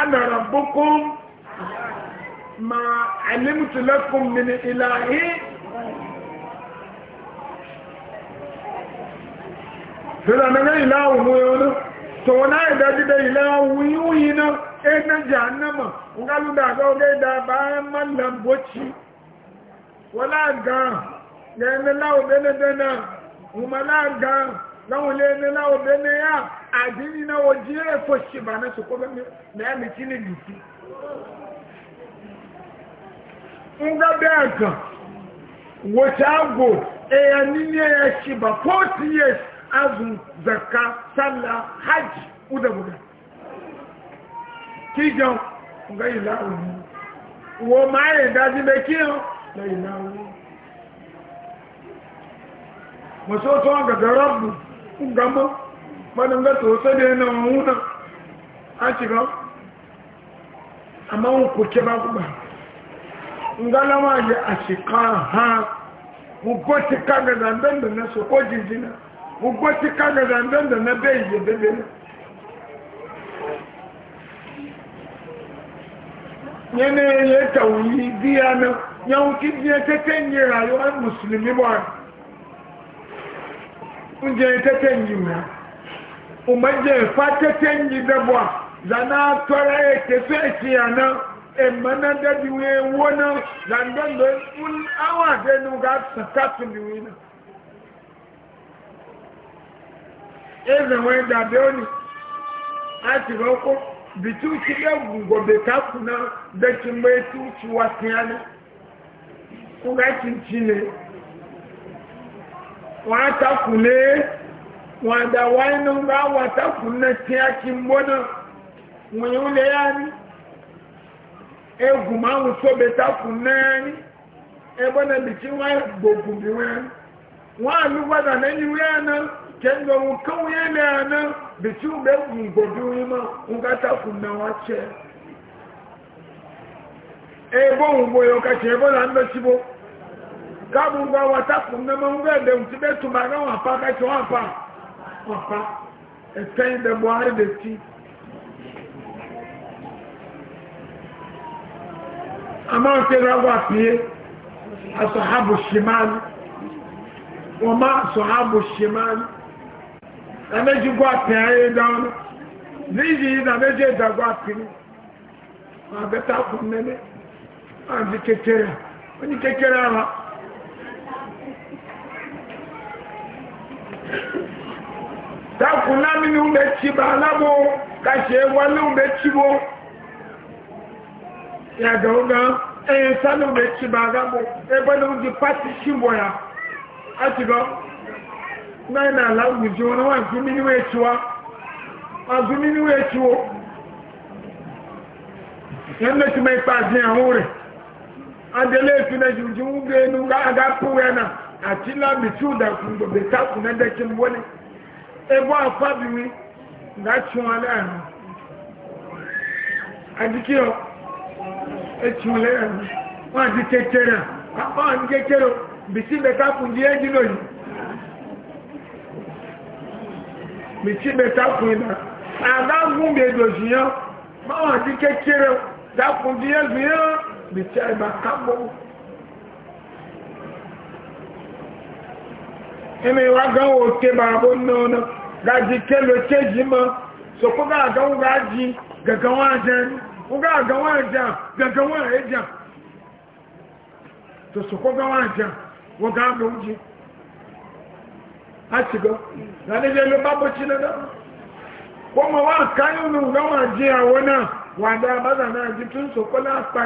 adàrà bókún ما علمت لكم من إلهي fila na ga ilahu mu yono to na da ji da ilahu yuyi na e na jahannama ngalu da ga ga da ba man nan boci wala ga ne na lawo bene dena umala ga na wule ne lawo bene ya adini na ojiye fo shi su ko me na mi tini ngabe aka wace ago eya ya shi ba 40 years azu zaka sallah hajj uda buga nga ilawo wo ma ye be kiyo la ilawo mo so ga ngamo mana nga to so na wuna a ci amma ba ba ngalawa ji a shika ha ugboti kanga zandon da na soko jinjina ugboti kaga zandon da na bai je bebe na yanayin ya tauyi biya na yawon kibiyar ta tanyi rayuwar musulmi ba oúnjẹ tẹ́tẹ́ yìí mọ́ ọmọdé ìfá tẹ́tẹ́ yìí dẹ́bọ̀ zana tọ́ra ètè fẹ́ẹ̀tì àná emana dadi we wona zandan do un awa de nu ga tsaka tun wina eze we da de oni ati roko bitu ti de gungo be ka kuna de ti me tu ti wa tiana ku ga ti chile wa ta kule wa da wa nu ga wa ta kuna ti aki mbona Mwenye ule yani, egwu ma ahụ sobeta kwụ naanị ebe na bichi nwa gbogbo bi nwa nwaanyị gwada na enyi ya na kendo nwoke onye na na bichi ube egwu gbogbo ima ngata kwụ na nwache ebe ongwo ya ọkacha ebe na ndochibo gabu ngwa wata kwụ na ma ngwa ebe ntube tụbara nwapa kacha nwapa nwapa ete ide buhari da ti amaa nkwenkwe ga agwa pie asọ ha bụ shi maa nụ o ma asọ ha bụ shi maa nụ na n'ezi gwa pie anyị ndawa na n'ezi edagwa pie na mma agata aku nene ahazi kekere onye kekere aha taku naanị ụlọ echi bụ anabụ gasịa ebu ala ya ga oga eh salo me chiba ba ga mo e eh, pati no ya a ti go na na la mu ji wona wa ji mi ni we ci wa a ji mi ni we ci wo yan me re a de le fi na ju ju ge ga ga pu ya na ati la mi tu da ku do na de ki eh, ebe ni e mi ga ci wa la adikio ẹ̀tún lẹ́yìn wọ́n ti kékeré wọ́n ti kékeré bìtí bẹ̀ká kù ní ẹ́jì lóyìn bìtí bẹ̀ká kù ìdá àgbágún bèèdò ṣìyàn wọ́n ti kékeré dákùn ní ẹ́jì yán bìtí ẹ̀bà kápọ̀ inú ìwà gánwò ké bàbá náà gájí kélo kéjì mọ́ sọ̀kúgbà gánwò gájí gẹ̀gẹ̀ wọ́n á jẹ́ ní Oga ga wa ja ga ga wa ja to so gawa ga wa ja wo ga ji a ti go na ne le ba bo chi na da ko wa ka yo nu ga wa ji a wona wa da na ji tun so ko la pa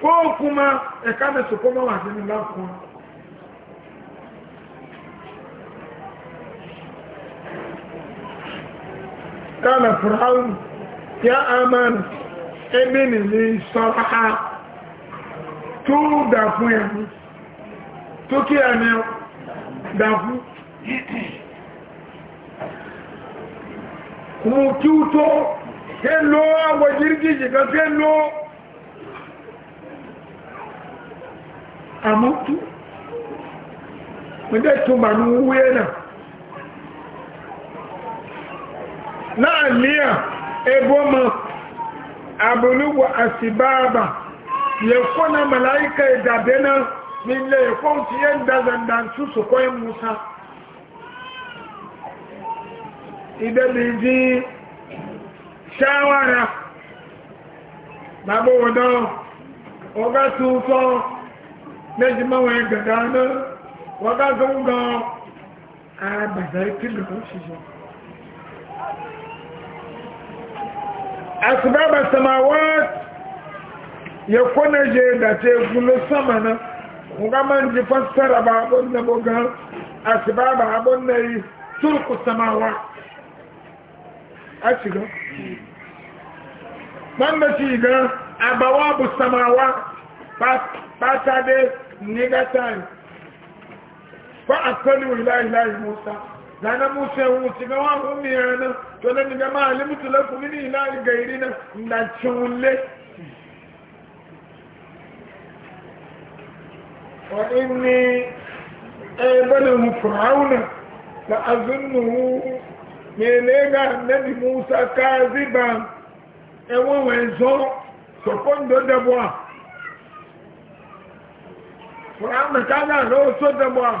ko kuma e ka me so ma wa ji ni la ko قال فرعون يا آمانه ebe ni ní sọ́rọ̀há tó dà fún ẹ̀mú tó kí ẹ̀mí dà fún mú kí ó tó ké ló àwọ̀ jíríkìjì kan ké ló àmútú mẹ́jẹ́ tó bà ní owó ẹ̀nà láàrín ẹgbọ́n mọ́ abuluwa asibaba yekko na malaika idabe na min laifon fiye da zandancu su koyin musa idan da ji shawara babu wadon oga tuto na jimawa ya gada na waga zunga a ah, bazar kin da kan asibaba samawat ya kone je da ce gulu sama na kuma man ji fassara ba abun na buga asibaba abun na yi turku samawa a shiga man da shi ga abawa bu samawa ba ta dai nigatan fa asali wa ilahi musa zana musa yin shiga wa umiya na to na niga ma alimutu lafu mini ila gairi na na cinwule wa inni aibalin e, fir'auna la azunnuhu mele ga annabi musa kaziba ewo wezo sokondo dabwa fir'auna kaga lo so dabwa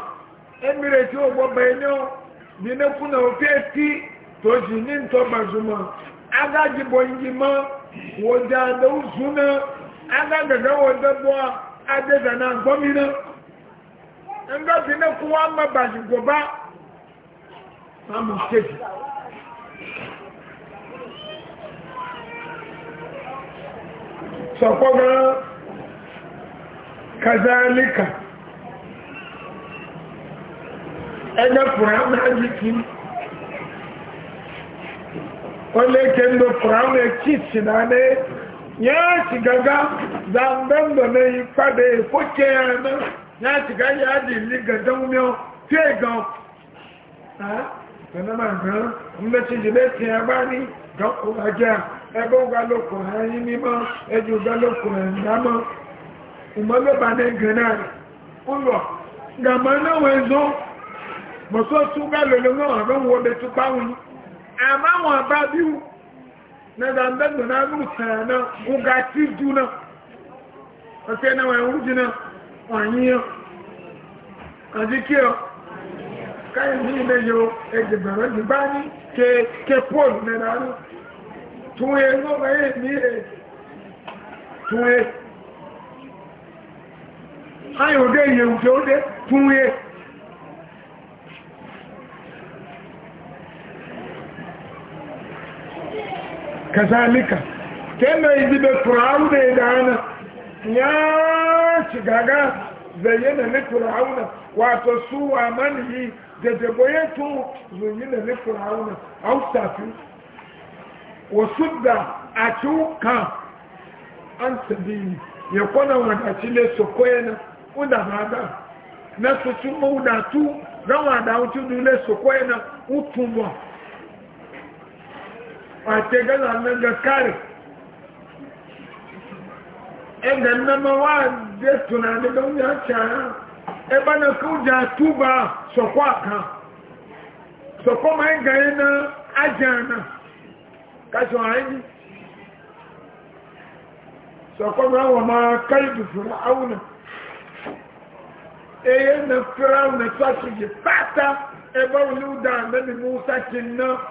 emire ti o o nínú fún náà fẹ́ tí tó sì ní ìtọ́gbàsúmọ̀ agájìbọ̀ yìí mọ́ wọ́n jẹ́ àdáwù súná agágàgà wọ́n dẹ́gbọ́ adẹ́dàna gbọ́mìnà ẹgbẹ́ tí ní kú wá mọ́ bàṣìkò bá sáàmù kéjì sọ̀kọ́ gan kazalika ẹgbẹ́ fùràmù ajì kí ó lè ké ndo fùràmù ẹ̀kí ìsìnà ní yáà sì gàgá zambẹ́ndọ̀ ní ìpàdé ìfókè ẹ̀mẹ́ yáà sì gá yáà dì ní gàdá omiọ́ gan ẹ̀nàmà gan mẹ́tí ìdílé ti ẹgbá ní dọ́kùnrin ajá ẹgbẹ́ ògbálòkùn ẹ̀yìn mímọ́ ẹjù ògbálòkùn ẹ̀ńdámọ́ ìmọ́lọ́bà ní gànáà na lọ gàmọ́ náà wọ́n ń mọ̀sọ́ tún bá lòlò náà ọ̀rọ̀ ń wọlé tún bá wọn àmọ́ àwọn àbá bí wù nàdà ń bẹ́gbẹ̀ náà lù sàn náà gúga tí dù náà ọ̀sẹ̀ náà wọ́n ń wújì náà wọ́n yíyan àti kí ọ káyọ̀ ní ilé yo ẹgbẹ̀rún ẹgbẹ̀ bá ní ke ke pole nàdà lù tún yẹ lọ́wọ́ yẹ ní ẹ tún yẹ ayọ̀dẹ̀ yẹ̀ òjò kazalika kena izibe fir'auna idana ya shigaga zayyana ni fir'auna wato su wa manhi da daboye to zayyana ni fir'auna ausafi wasu da a ciwuka an sabini ya kwana wadaci ne su kwena uda hada na su cin udatu rawa da wucin dole su kwena utunwa wace gaza nan ẹ kare inda nama wa da tunani don ya caya ebe na kuja tuba sokwa aka sokwa ma na sokwa ma wa ma kai da fir'auna eye na fir'auna sa shi pata ebe da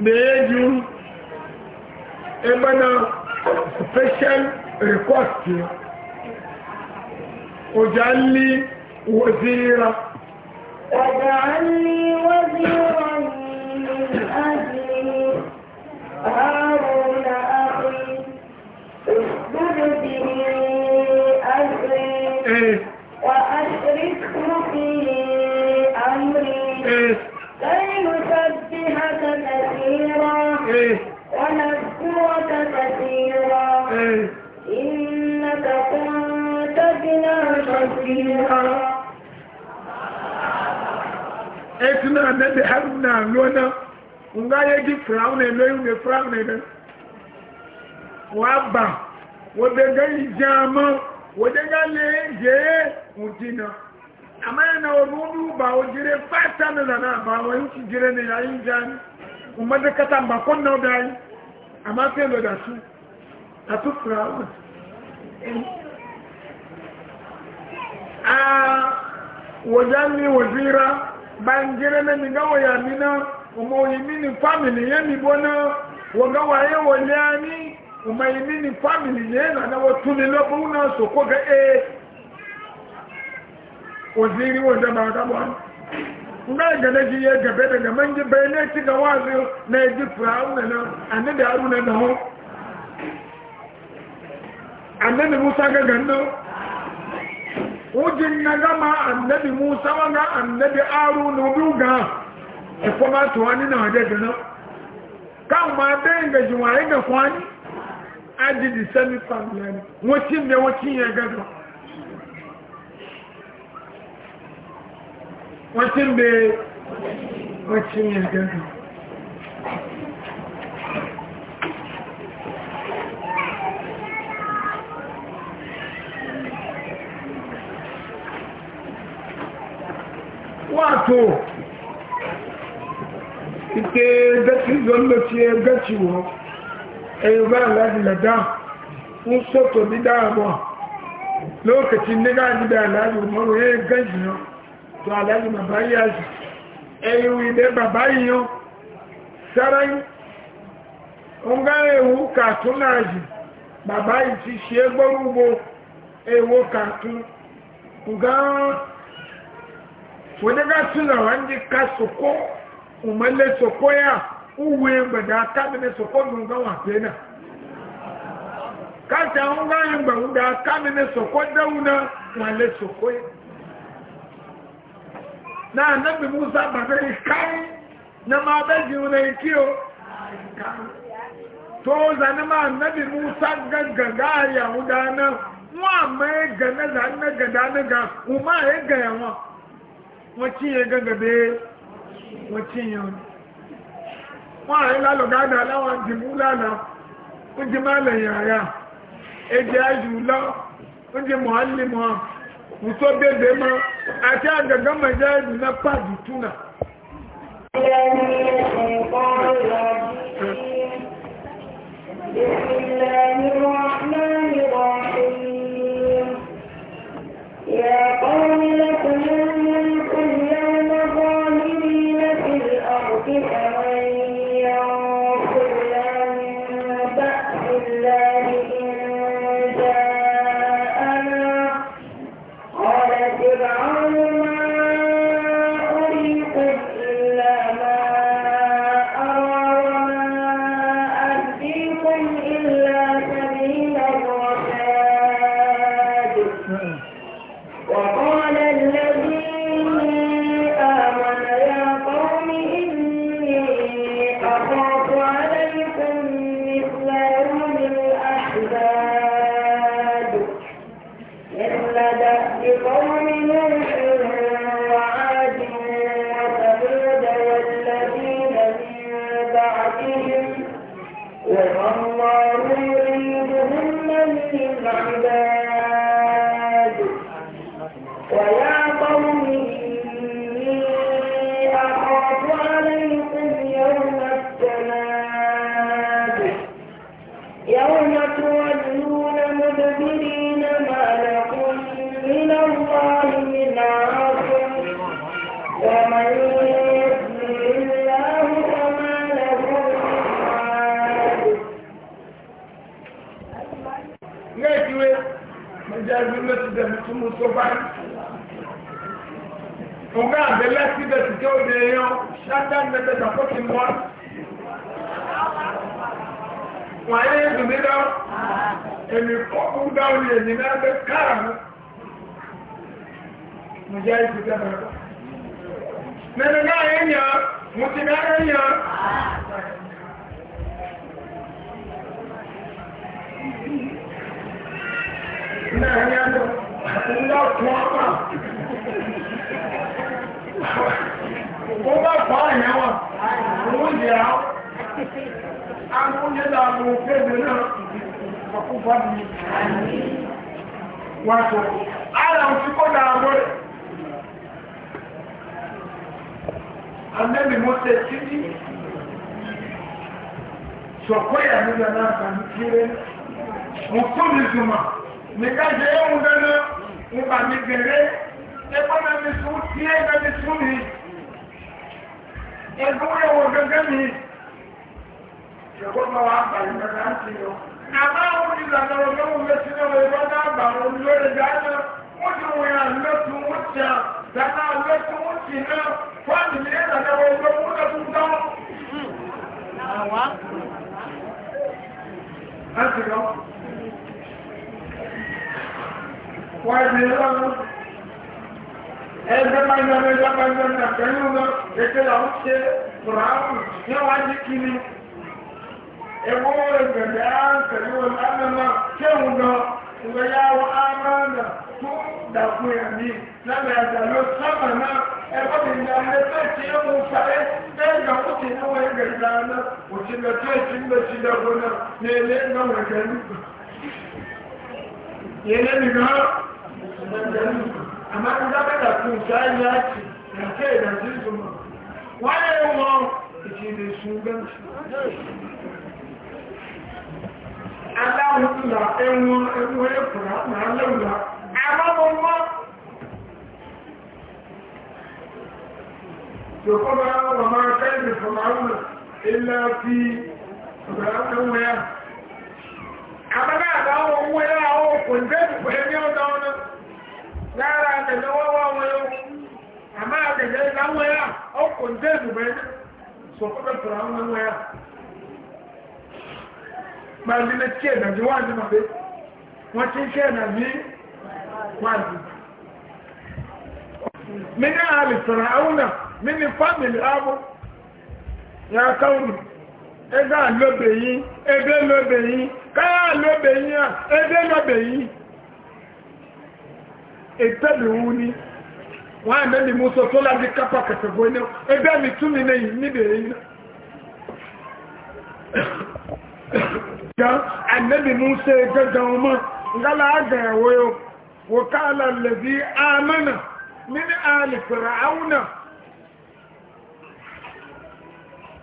na eji ebe na special request ojalli wazira ojalli wazira min ajli ah. ونذكرك كثيرا إنك كنت بنا كثيرا etuna ne de haruna lona nga ye ba wo de ga ijama wo de ga le je mutina amana wo bu ba umade kata mbakon na odai ama fe lo da su da tu frawon a wajani wazira bangire na mingawa ya mina umoyimini family ya mibona wangawa ya waliani umayimini family yena na watuni lobo una sokoga e waziri wanda maagabwana nga gane ji ya gabe daga manji bai ne ga wazi na ya ji fir'auna nan annabi na ho annabi musa ga gando ujin e na gama annabi musa wanga annabi haruna na e kuma to wani na waje kan ma dai ga jiwaye ga kwani aji di sami ya ne wacin ne wacin ya gado wacin bai wacin ya gano wato ike gaci zolloci ya gaci wa ayi ba alhaji lada un soto ni damuwa lokacin ni ga ji da alhaji umaru ya yi gaji yau tó aláàjì bàbá yà jù ẹ̀yìn ìdẹ bàbá yìnyàn sára yìí ọ̀gá ewu kàtún náà jù bàbá yìí ti ṣe gbọ́rúgbó ewu kàtún ọ̀gá fòdégá túnà wá ń di ká sòkó òmọlé sòkó yà uwe gbẹ̀dá kábínẹ sòkó dùn gáwọn àpẹ́ náà káàtà ọ̀gá yìí gbẹ̀wúdà kábínẹ sòkó dẹ́wù náà wọ́n lé sòkó yìí na annabi musa ba zai kai na ma daji wani kiyo to zane ma annabi musa gaggaga yahuda na wọn ma ya gana da na gada ga kuma ya gaya wọn wọn cinye gaggabe wọn cinye wọn wọn a yi laloga da alawọn jimu lana wọn ji malam yaya eji ayu la ji muhalli muhammad wuto bebe ma a ta gaga majalibu na fadi tuna بسم الله الرحمن الرحيم kan daga tafakin wa waye zumi da emi kokun dawo ne ni na ga kara mu jayi su da na na na yanya mutu na yanya na yanya ko Allah kuma Mo bá gbọ́ ìyẹn wọn, òun yẹ á. Àwọn oúnjẹ náà ló na náà, àkókò mi. Wàtò, ara òsì kó dáa gbọ́dọ̀. Àlẹ́mi mo tẹ̀ sí ní. Sọ̀kọ́ ìyàmú yẹn náà kàn ní kéré. Mo tó mi jùmọ̀, nìkan jẹ́ ẹ̀hún dáná, mo ẹgbẹ́ ẹwọ gẹ́gẹ́ mi ṣẹ̀kọ́ máa wà bàyìí mẹ́ta ń ti lọ. àmọ́ àwọn ìlànà ọlọ́run mẹ́sìn náà wọ́n bá dábàá wọn lórí dáná wọ́n ti wọ́n yà lọ́tún wọ́n ti à dáná lọ́tún wọ́n ti náà fọ́ọ̀nù mi yẹn lọ́dọ̀ wọn lọ wọ́n lọ tún tán. láti lọ. wọ́n ti lọ́nà ẹgbẹ́ máa ń yọ ẹgbẹ́ máa ń yọ ẹgbẹ́ pẹ̀lú ọmọ gẹ́gẹ́ làwọn ṣe fúráàmù ní wọ́n ní kí ni ẹwọ́ ẹgbẹ̀gbẹ̀ á ń pẹ̀lú ọmọ àmọ́ kéwùn lọ ìwé yá wọ́n á máa nà fún dàkún ẹ̀mí lábẹ́ àjà ló sábà náà ẹgbẹ́ mi ní alẹ́ fẹ́ tí ó mú sáré bẹ́ẹ̀ nà ó ti ní wọ́n ẹgbẹ̀gbẹ̀ àná òtìlẹ̀ tó ètí ń bẹ̀ sí dàgbọ́n náà ní ilé náà wẹ̀gẹ̀ amma in za ka da kun shayi ya ce da ke da zai zuma wani yin wani ce da shuganci Allah hutu na ɗanwa ɗanwa ya fura na laula amma ban ma to kuma wa lára àtẹ̀lé wọ́wọ́ wọn yóò àmá àtẹ̀lé láwọn yá ọkọ̀ ń dé ìlú bẹ́ẹ̀ sọ̀kọ́ bẹ́ẹ̀ tọ̀rọ̀ àwọn ọmọ yá. máa ní màbé wọ́n ti ń ṣe ẹ̀dà ní wọ́n àlè tọ̀rọ̀ àwọn náà mi fámìlì ábò yà á yi, ẹgbẹ́ yìí ẹgbẹ́ yìí káyà yìí ẹgbẹ́ yìí. ìtẹ́lẹ̀wú ní wọ́n àmẹ́ ni mú sọ tó láti kápá kẹfẹ̀gbọ́ iná ẹgbẹ́ mi tún mi lẹ́yìn níbẹ̀ iná àmẹ́bì mú sẹ gẹ́gẹ́ ọmọ ngálà àgẹ̀ẹ̀wò yóò wòkálà lẹ́bí àmẹ́nà nínú àlìfẹ̀rẹ̀ àwùnà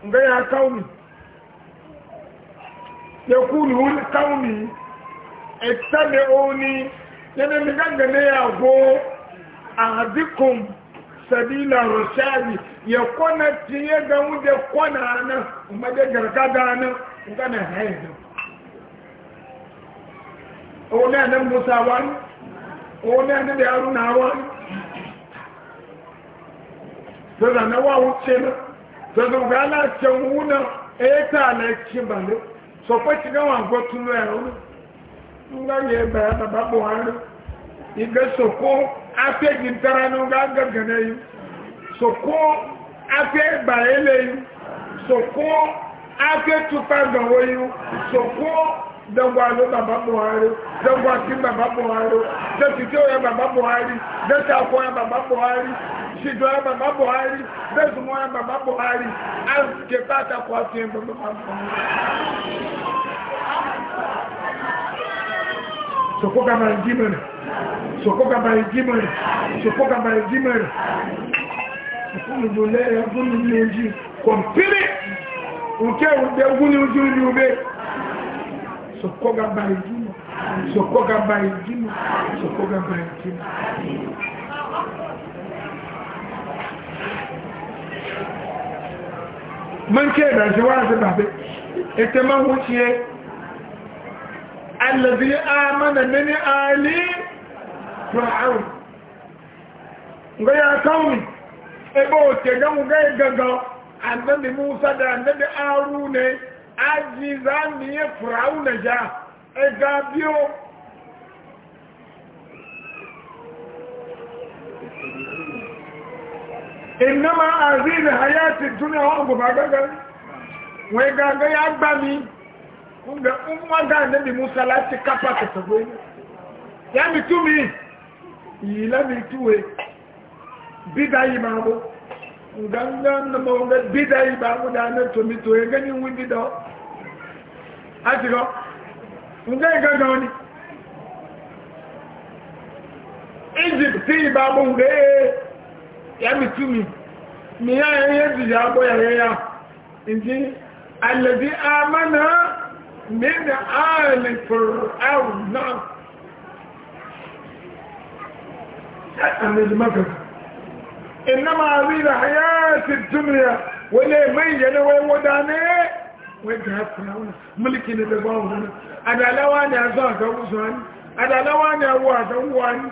ngẹ́yà káwùmí yẹkùnù káwùmí ìtẹ́lẹ̀ òní yana mi ganga ya go a hadikun sabila rashadi ya kwana tiye ga wude kwana nan kuma da garka da nan kuma na haidu ona nan musa wani ona nan da yaro na wani sada na wa wuce na sada ga lacin wuna eta na kibalu so kwa shiga wa gotun ya wuni nga nye baya baba buhari iga soko afe gintara nu ga gagane yi soko afe bayele yi soko afe tupa gawo yi soko dangwa lo baba buhari dangwa ti baba buhari dẹtutẹ ya baba buhari dẹtakọ ya baba buhari sidọ ya baba buhari dẹsumọ ya baba buhari azike pata kọ afi baba buhari sokoka bayi jimere sokoka bayi jimere sokoka bayi jimere ìfúnnùdùlẹ̀ ẹgbùn ní ojú kọ̀mpílì òkè òdẹ ogun ní ojú ní obe sokoka bayi jimere sokoka bayi jimere sokoka bayi jimere mọ́nkẹ́ ìdájọ́ wá sí bàbá ẹ̀tẹ́ máa wọ́n ṣe الذي آمن من آل فرعون ويا قوم ebo tegan gai gaga annabi musa da annabi aru ne aji za mu yi firauna ja ga biyo innama azin hayati duniya wa ya nga nwa ga anabi musa láti kápá kẹtàgbé ya mi tú mi yìí lámi túwe bídá yìí máa bó nga nga nàmọ nga bídá yìí máa bó dáná tómi tó yẹ nga ní wí dídá á ti rọ nga yìí gángan ni egypt tí yìí máa bó nga ee ya mi tú mi mi yá yẹ yẹ ti yà bó yà yẹ yà ǹjẹ́ alẹ́ bí a máa náà. من آل فرعون من المغرب إنما هذه الحياة الدنيا ولا من ينوي ودانه وجه فرعون ملك لبابه أنا لو أنا أزاك وزان أنا لو أنا وعد وعد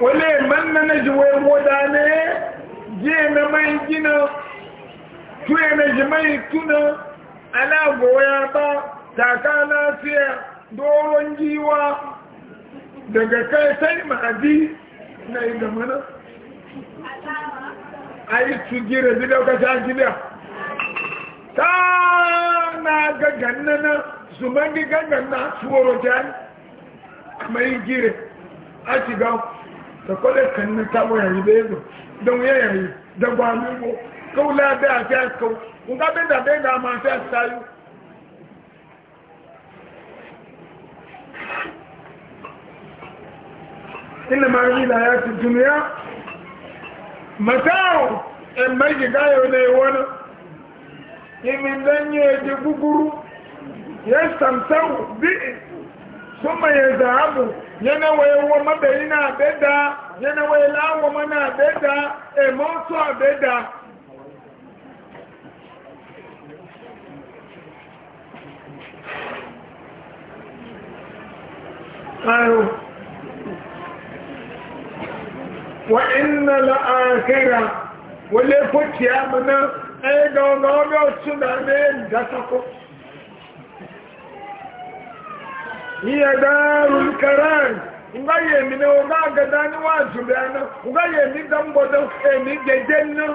wale man na na ji wai moda ne je na mai gina tuye na ji mai tuna ana goya ba taka lafiya doron giwa daga kai sai ma'adi na yi mana a yi su gira zida ka sha gida ta na ga ganna su mandi ganna na suwaro jani mai gire a shiga sakwale kan na tabo yayi da yazo don ya yayi da ba mu ko kaula da a ta ko kun ga bin da bai da ma ta sayu inna ma yi la ya ci duniya matao en mai ga gayo ne wani imin dan ye ji guguru ya samsau bi suma ya zahabu yana wayewa mabayi na beda nene wee laa wọma na abeda ema otu abeda ayo wa inna la wale fuki ya mana ɗaya e ga ọga ọga otu na ne dasako iya ga karan nga ne o ga gada ni wa zube ana o ga yemi ga mbodo emi gede no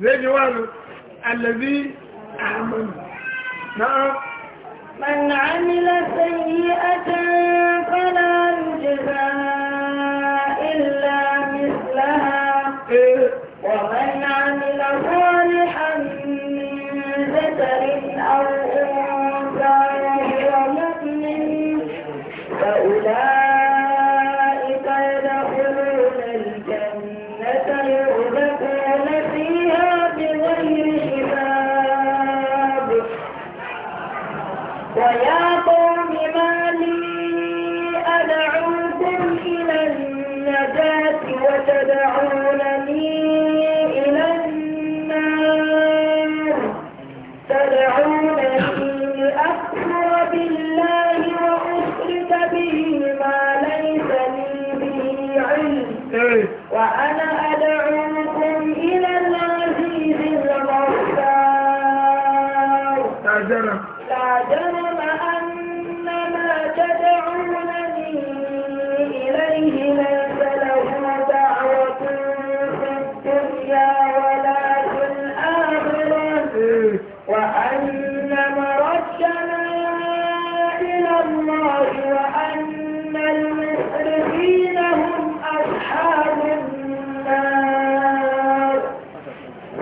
leni wa no allazi a na man amila sayyi'atan fala yujza illa mislaha eh. wa man amila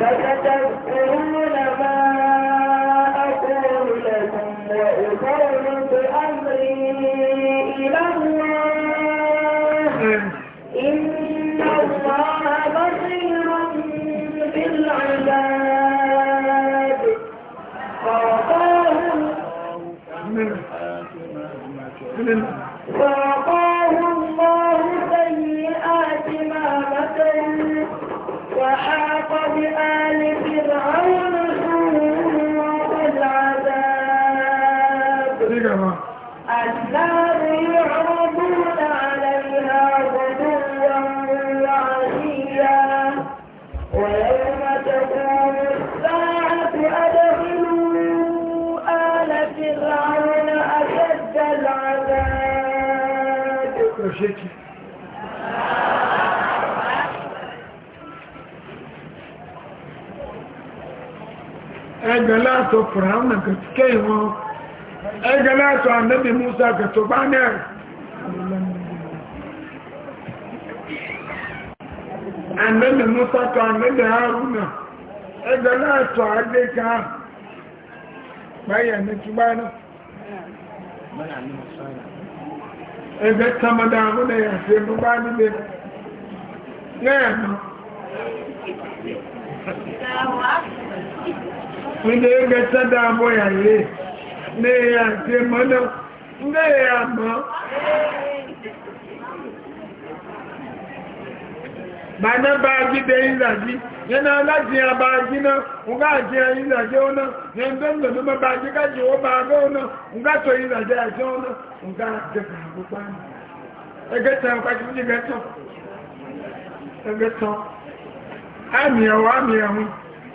فستذكرون látọ̀ fìràún gẹ̀tùkẹ́ ga ẹgbẹ̀ látọ̀ anẹ́bì musa ga bá náà anẹ́bì musa tọ anẹ́bì haruna ẹgbẹ̀ látọ̀ agbẹ́ka báyẹ̀ ní túbá náà ẹgbẹ̀ tamadà múnẹ̀ yàtẹ̀ mú bá níbẹ̀ náà wílé ẹgbẹ́ sọ́dá àbọ̀yà lè ní ẹ̀yà tí mọ́nà ní ẹ̀yà mọ́ bàná bá jíde ìzàjí yẹnà láti àbá jíná ǹgá àti ìzàjẹ́ ọ̀nà yẹnbẹ́ ìlú mọ́ bá jí kájí ó bá gọ́ ọ̀nà ǹgá tó ìzàjẹ́ àjẹ́ àmì ẹ̀wọ̀ àmì ẹ̀hún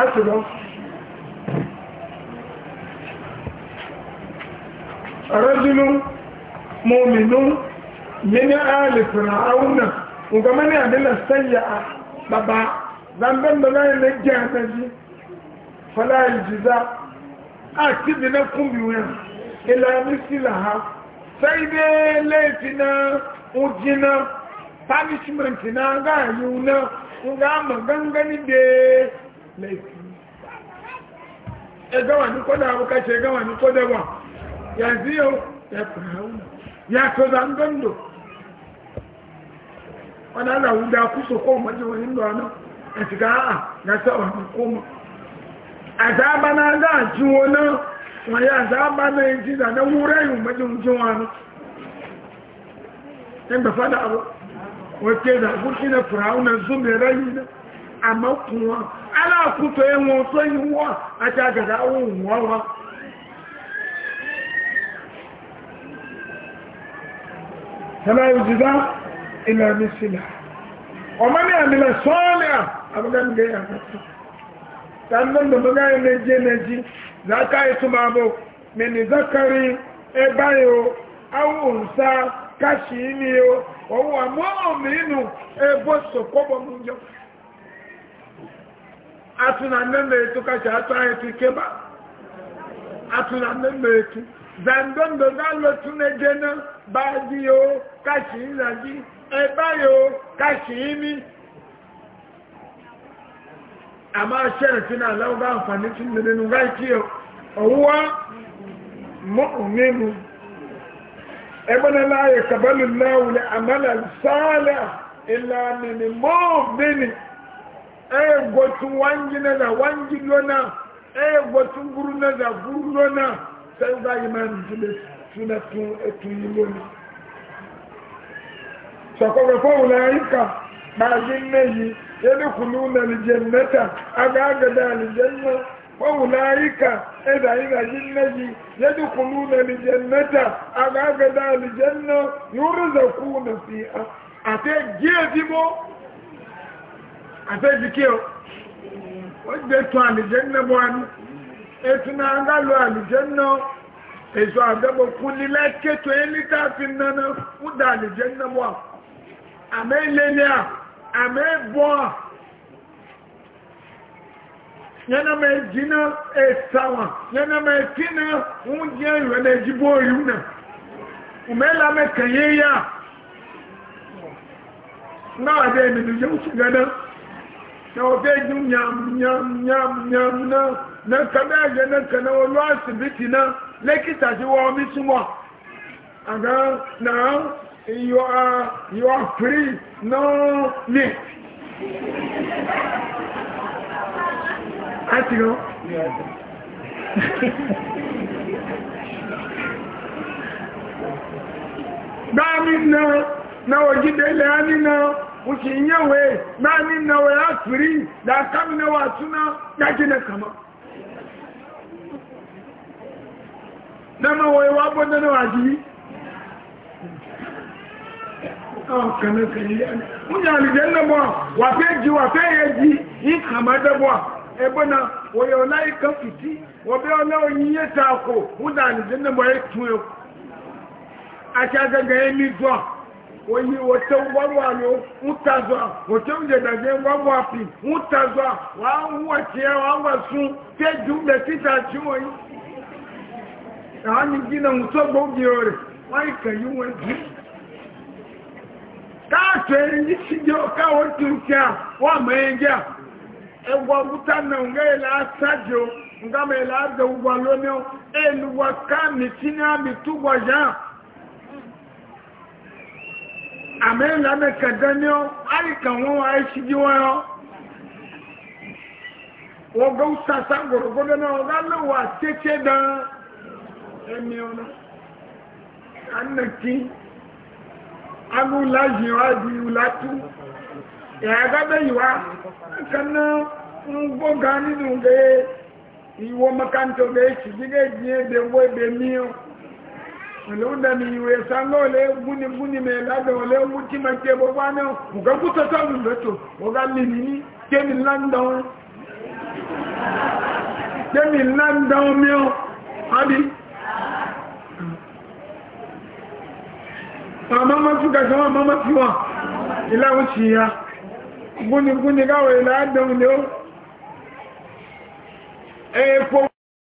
asiri ọrịa dị ụlọ mmụọ mmiri nye mani alif na ya a baba zamban ndọ-ndọrọ anyị na-eji a na a kidi na-akpụbi wu ya il-adị nsila ha saidi leti na ofi na na-aga a wu na ngwa ama gangan wu laifi e gawa ni koda abu kace e gawa ni koda wa ya ziyo ya firauna ya to da wani ala wuda kusa ko maji wani ndo ana a shiga a'a sa wani koma azaba na za a ji wani wani azaba na yin ji da na wurayin maji wujin na in da fada abu da na firauna zume aláàkútọ̀ ẹ̀wọ̀n tó yí wọ́n àti àjàdá ohun wọ́n wọ́n tẹ́lá ìjìdá ilẹ̀ sílẹ̀ ọmọ àmìlẹ̀ sọ́ọ̀lẹ̀ àmìlẹ̀ yàtọ̀ sannan da magana na je na ji za ka yi tumamo mini zakari e yo kọ́bọ̀ mú jọ atụna mmemme etu kacha atụ anyị tụ ikeba atụna mmemme etu zandondo galotu na-ejena badio kashi nnaji ebayo kashi imi amma sharafi na lauga amfani tun da ninu gaikiyo owuwa mu'minu ebana la ya kabalin lawule amala sala illa mini mu'mini ee eh, gotu wangi na da wangi lona ee eh, gotu guru na da guru lona sai ga iman jile suna tun etu yi lona sakwai fa ulaika bagin nayi yadkhuluna aljannata aga ga da aljanna فأولئك إذا إذا جنجي يدخلون الجنة أغاقدا الجنة يرزقون فيها أتجي جيبو àtẹ́jìkí o ó jẹ́ tún àlìjẹ́ nínú bọ́ ẹnu ètò náà ń gálò àlìjẹ́ náà èso àdẹ́bò kún nílẹ̀ kéto ẹni tá a fi nana fún dà àlìjẹ́ nínú bọ́ àmẹ́ ìlẹ́lẹ́ à àmẹ́ bọ́ à yẹnna mẹ́ jìnnà ẹ̀sàwọ̀n yẹnna mẹ́ tìǹà ń jẹ́ ìrẹ̀lẹ̀ ìjìbò ìrù náà òmẹ́lá mẹ́ kẹ̀yẹ́ yá náà àdé ènìyàn yóò ṣe náà na oge ji nyam nyam nyam nyam na na nkana aje na nkana olu asibiti na lekita ji wa omi sumo aga na you are you are free no me ati no gbami na na ojidele ani na wuce yi yawaye na na waya turi da aka na wasu na yaki na kama na mawaye ah, e na bọ́ wàfẹ́ jí wàfẹ́ yẹ na fìtí wọ́n bẹ́ ọ̀la òyìn yẹ tààkò wúnyẹ àlìjẹ́ ńlẹ̀ àti oyi wote ngwagwa yo utazwa wote unje daje ngwagwa pi utazwa wa uwa tie wa sun te jumbe tita chimoyi ani gina musogo giore wai kayu wenji ka twe ni sijo ka wote ukia wa mengia egwa butana ngela sajo ngame la de ugwa lomio elwa kami tinya mitugwa jaa àmì ńlá mẹ́ kẹ̀dẹ́ ní ọ́ àríkà wọn wà ẹ́ṣì bí wọ́n yọ́ wọ́n gọ́ sàṣà gbọ̀rọ̀gbọ́dọ̀ náà ọ̀gá lọ́wọ́ àṣẹ́ṣẹ́ dán ẹ̀mí di ìlàtú ẹ̀ẹ́gábẹ́ ìwá kaná ń gbọ́gá nínú gẹ́ ìwọ mọ́kántọ̀ gẹ́ olóòdà mi ìwé sáńgọ́ olè gúnigúni mẹ́ ládọ̀ olè mú tí ma jẹ́ gbogbo aná ọ̀gá gútọ́ sọ́rọ̀ lọ́tọ̀ ọ̀gá lèmi ní kémi london kémi london mẹ́ọ́ àbí àmọ́ mọ́ tún kàṣọ́ wọn mọ́ tún wọn ìlàwọ̀ sí ya gúnigúni káwọ̀ ìlàádọ̀ olè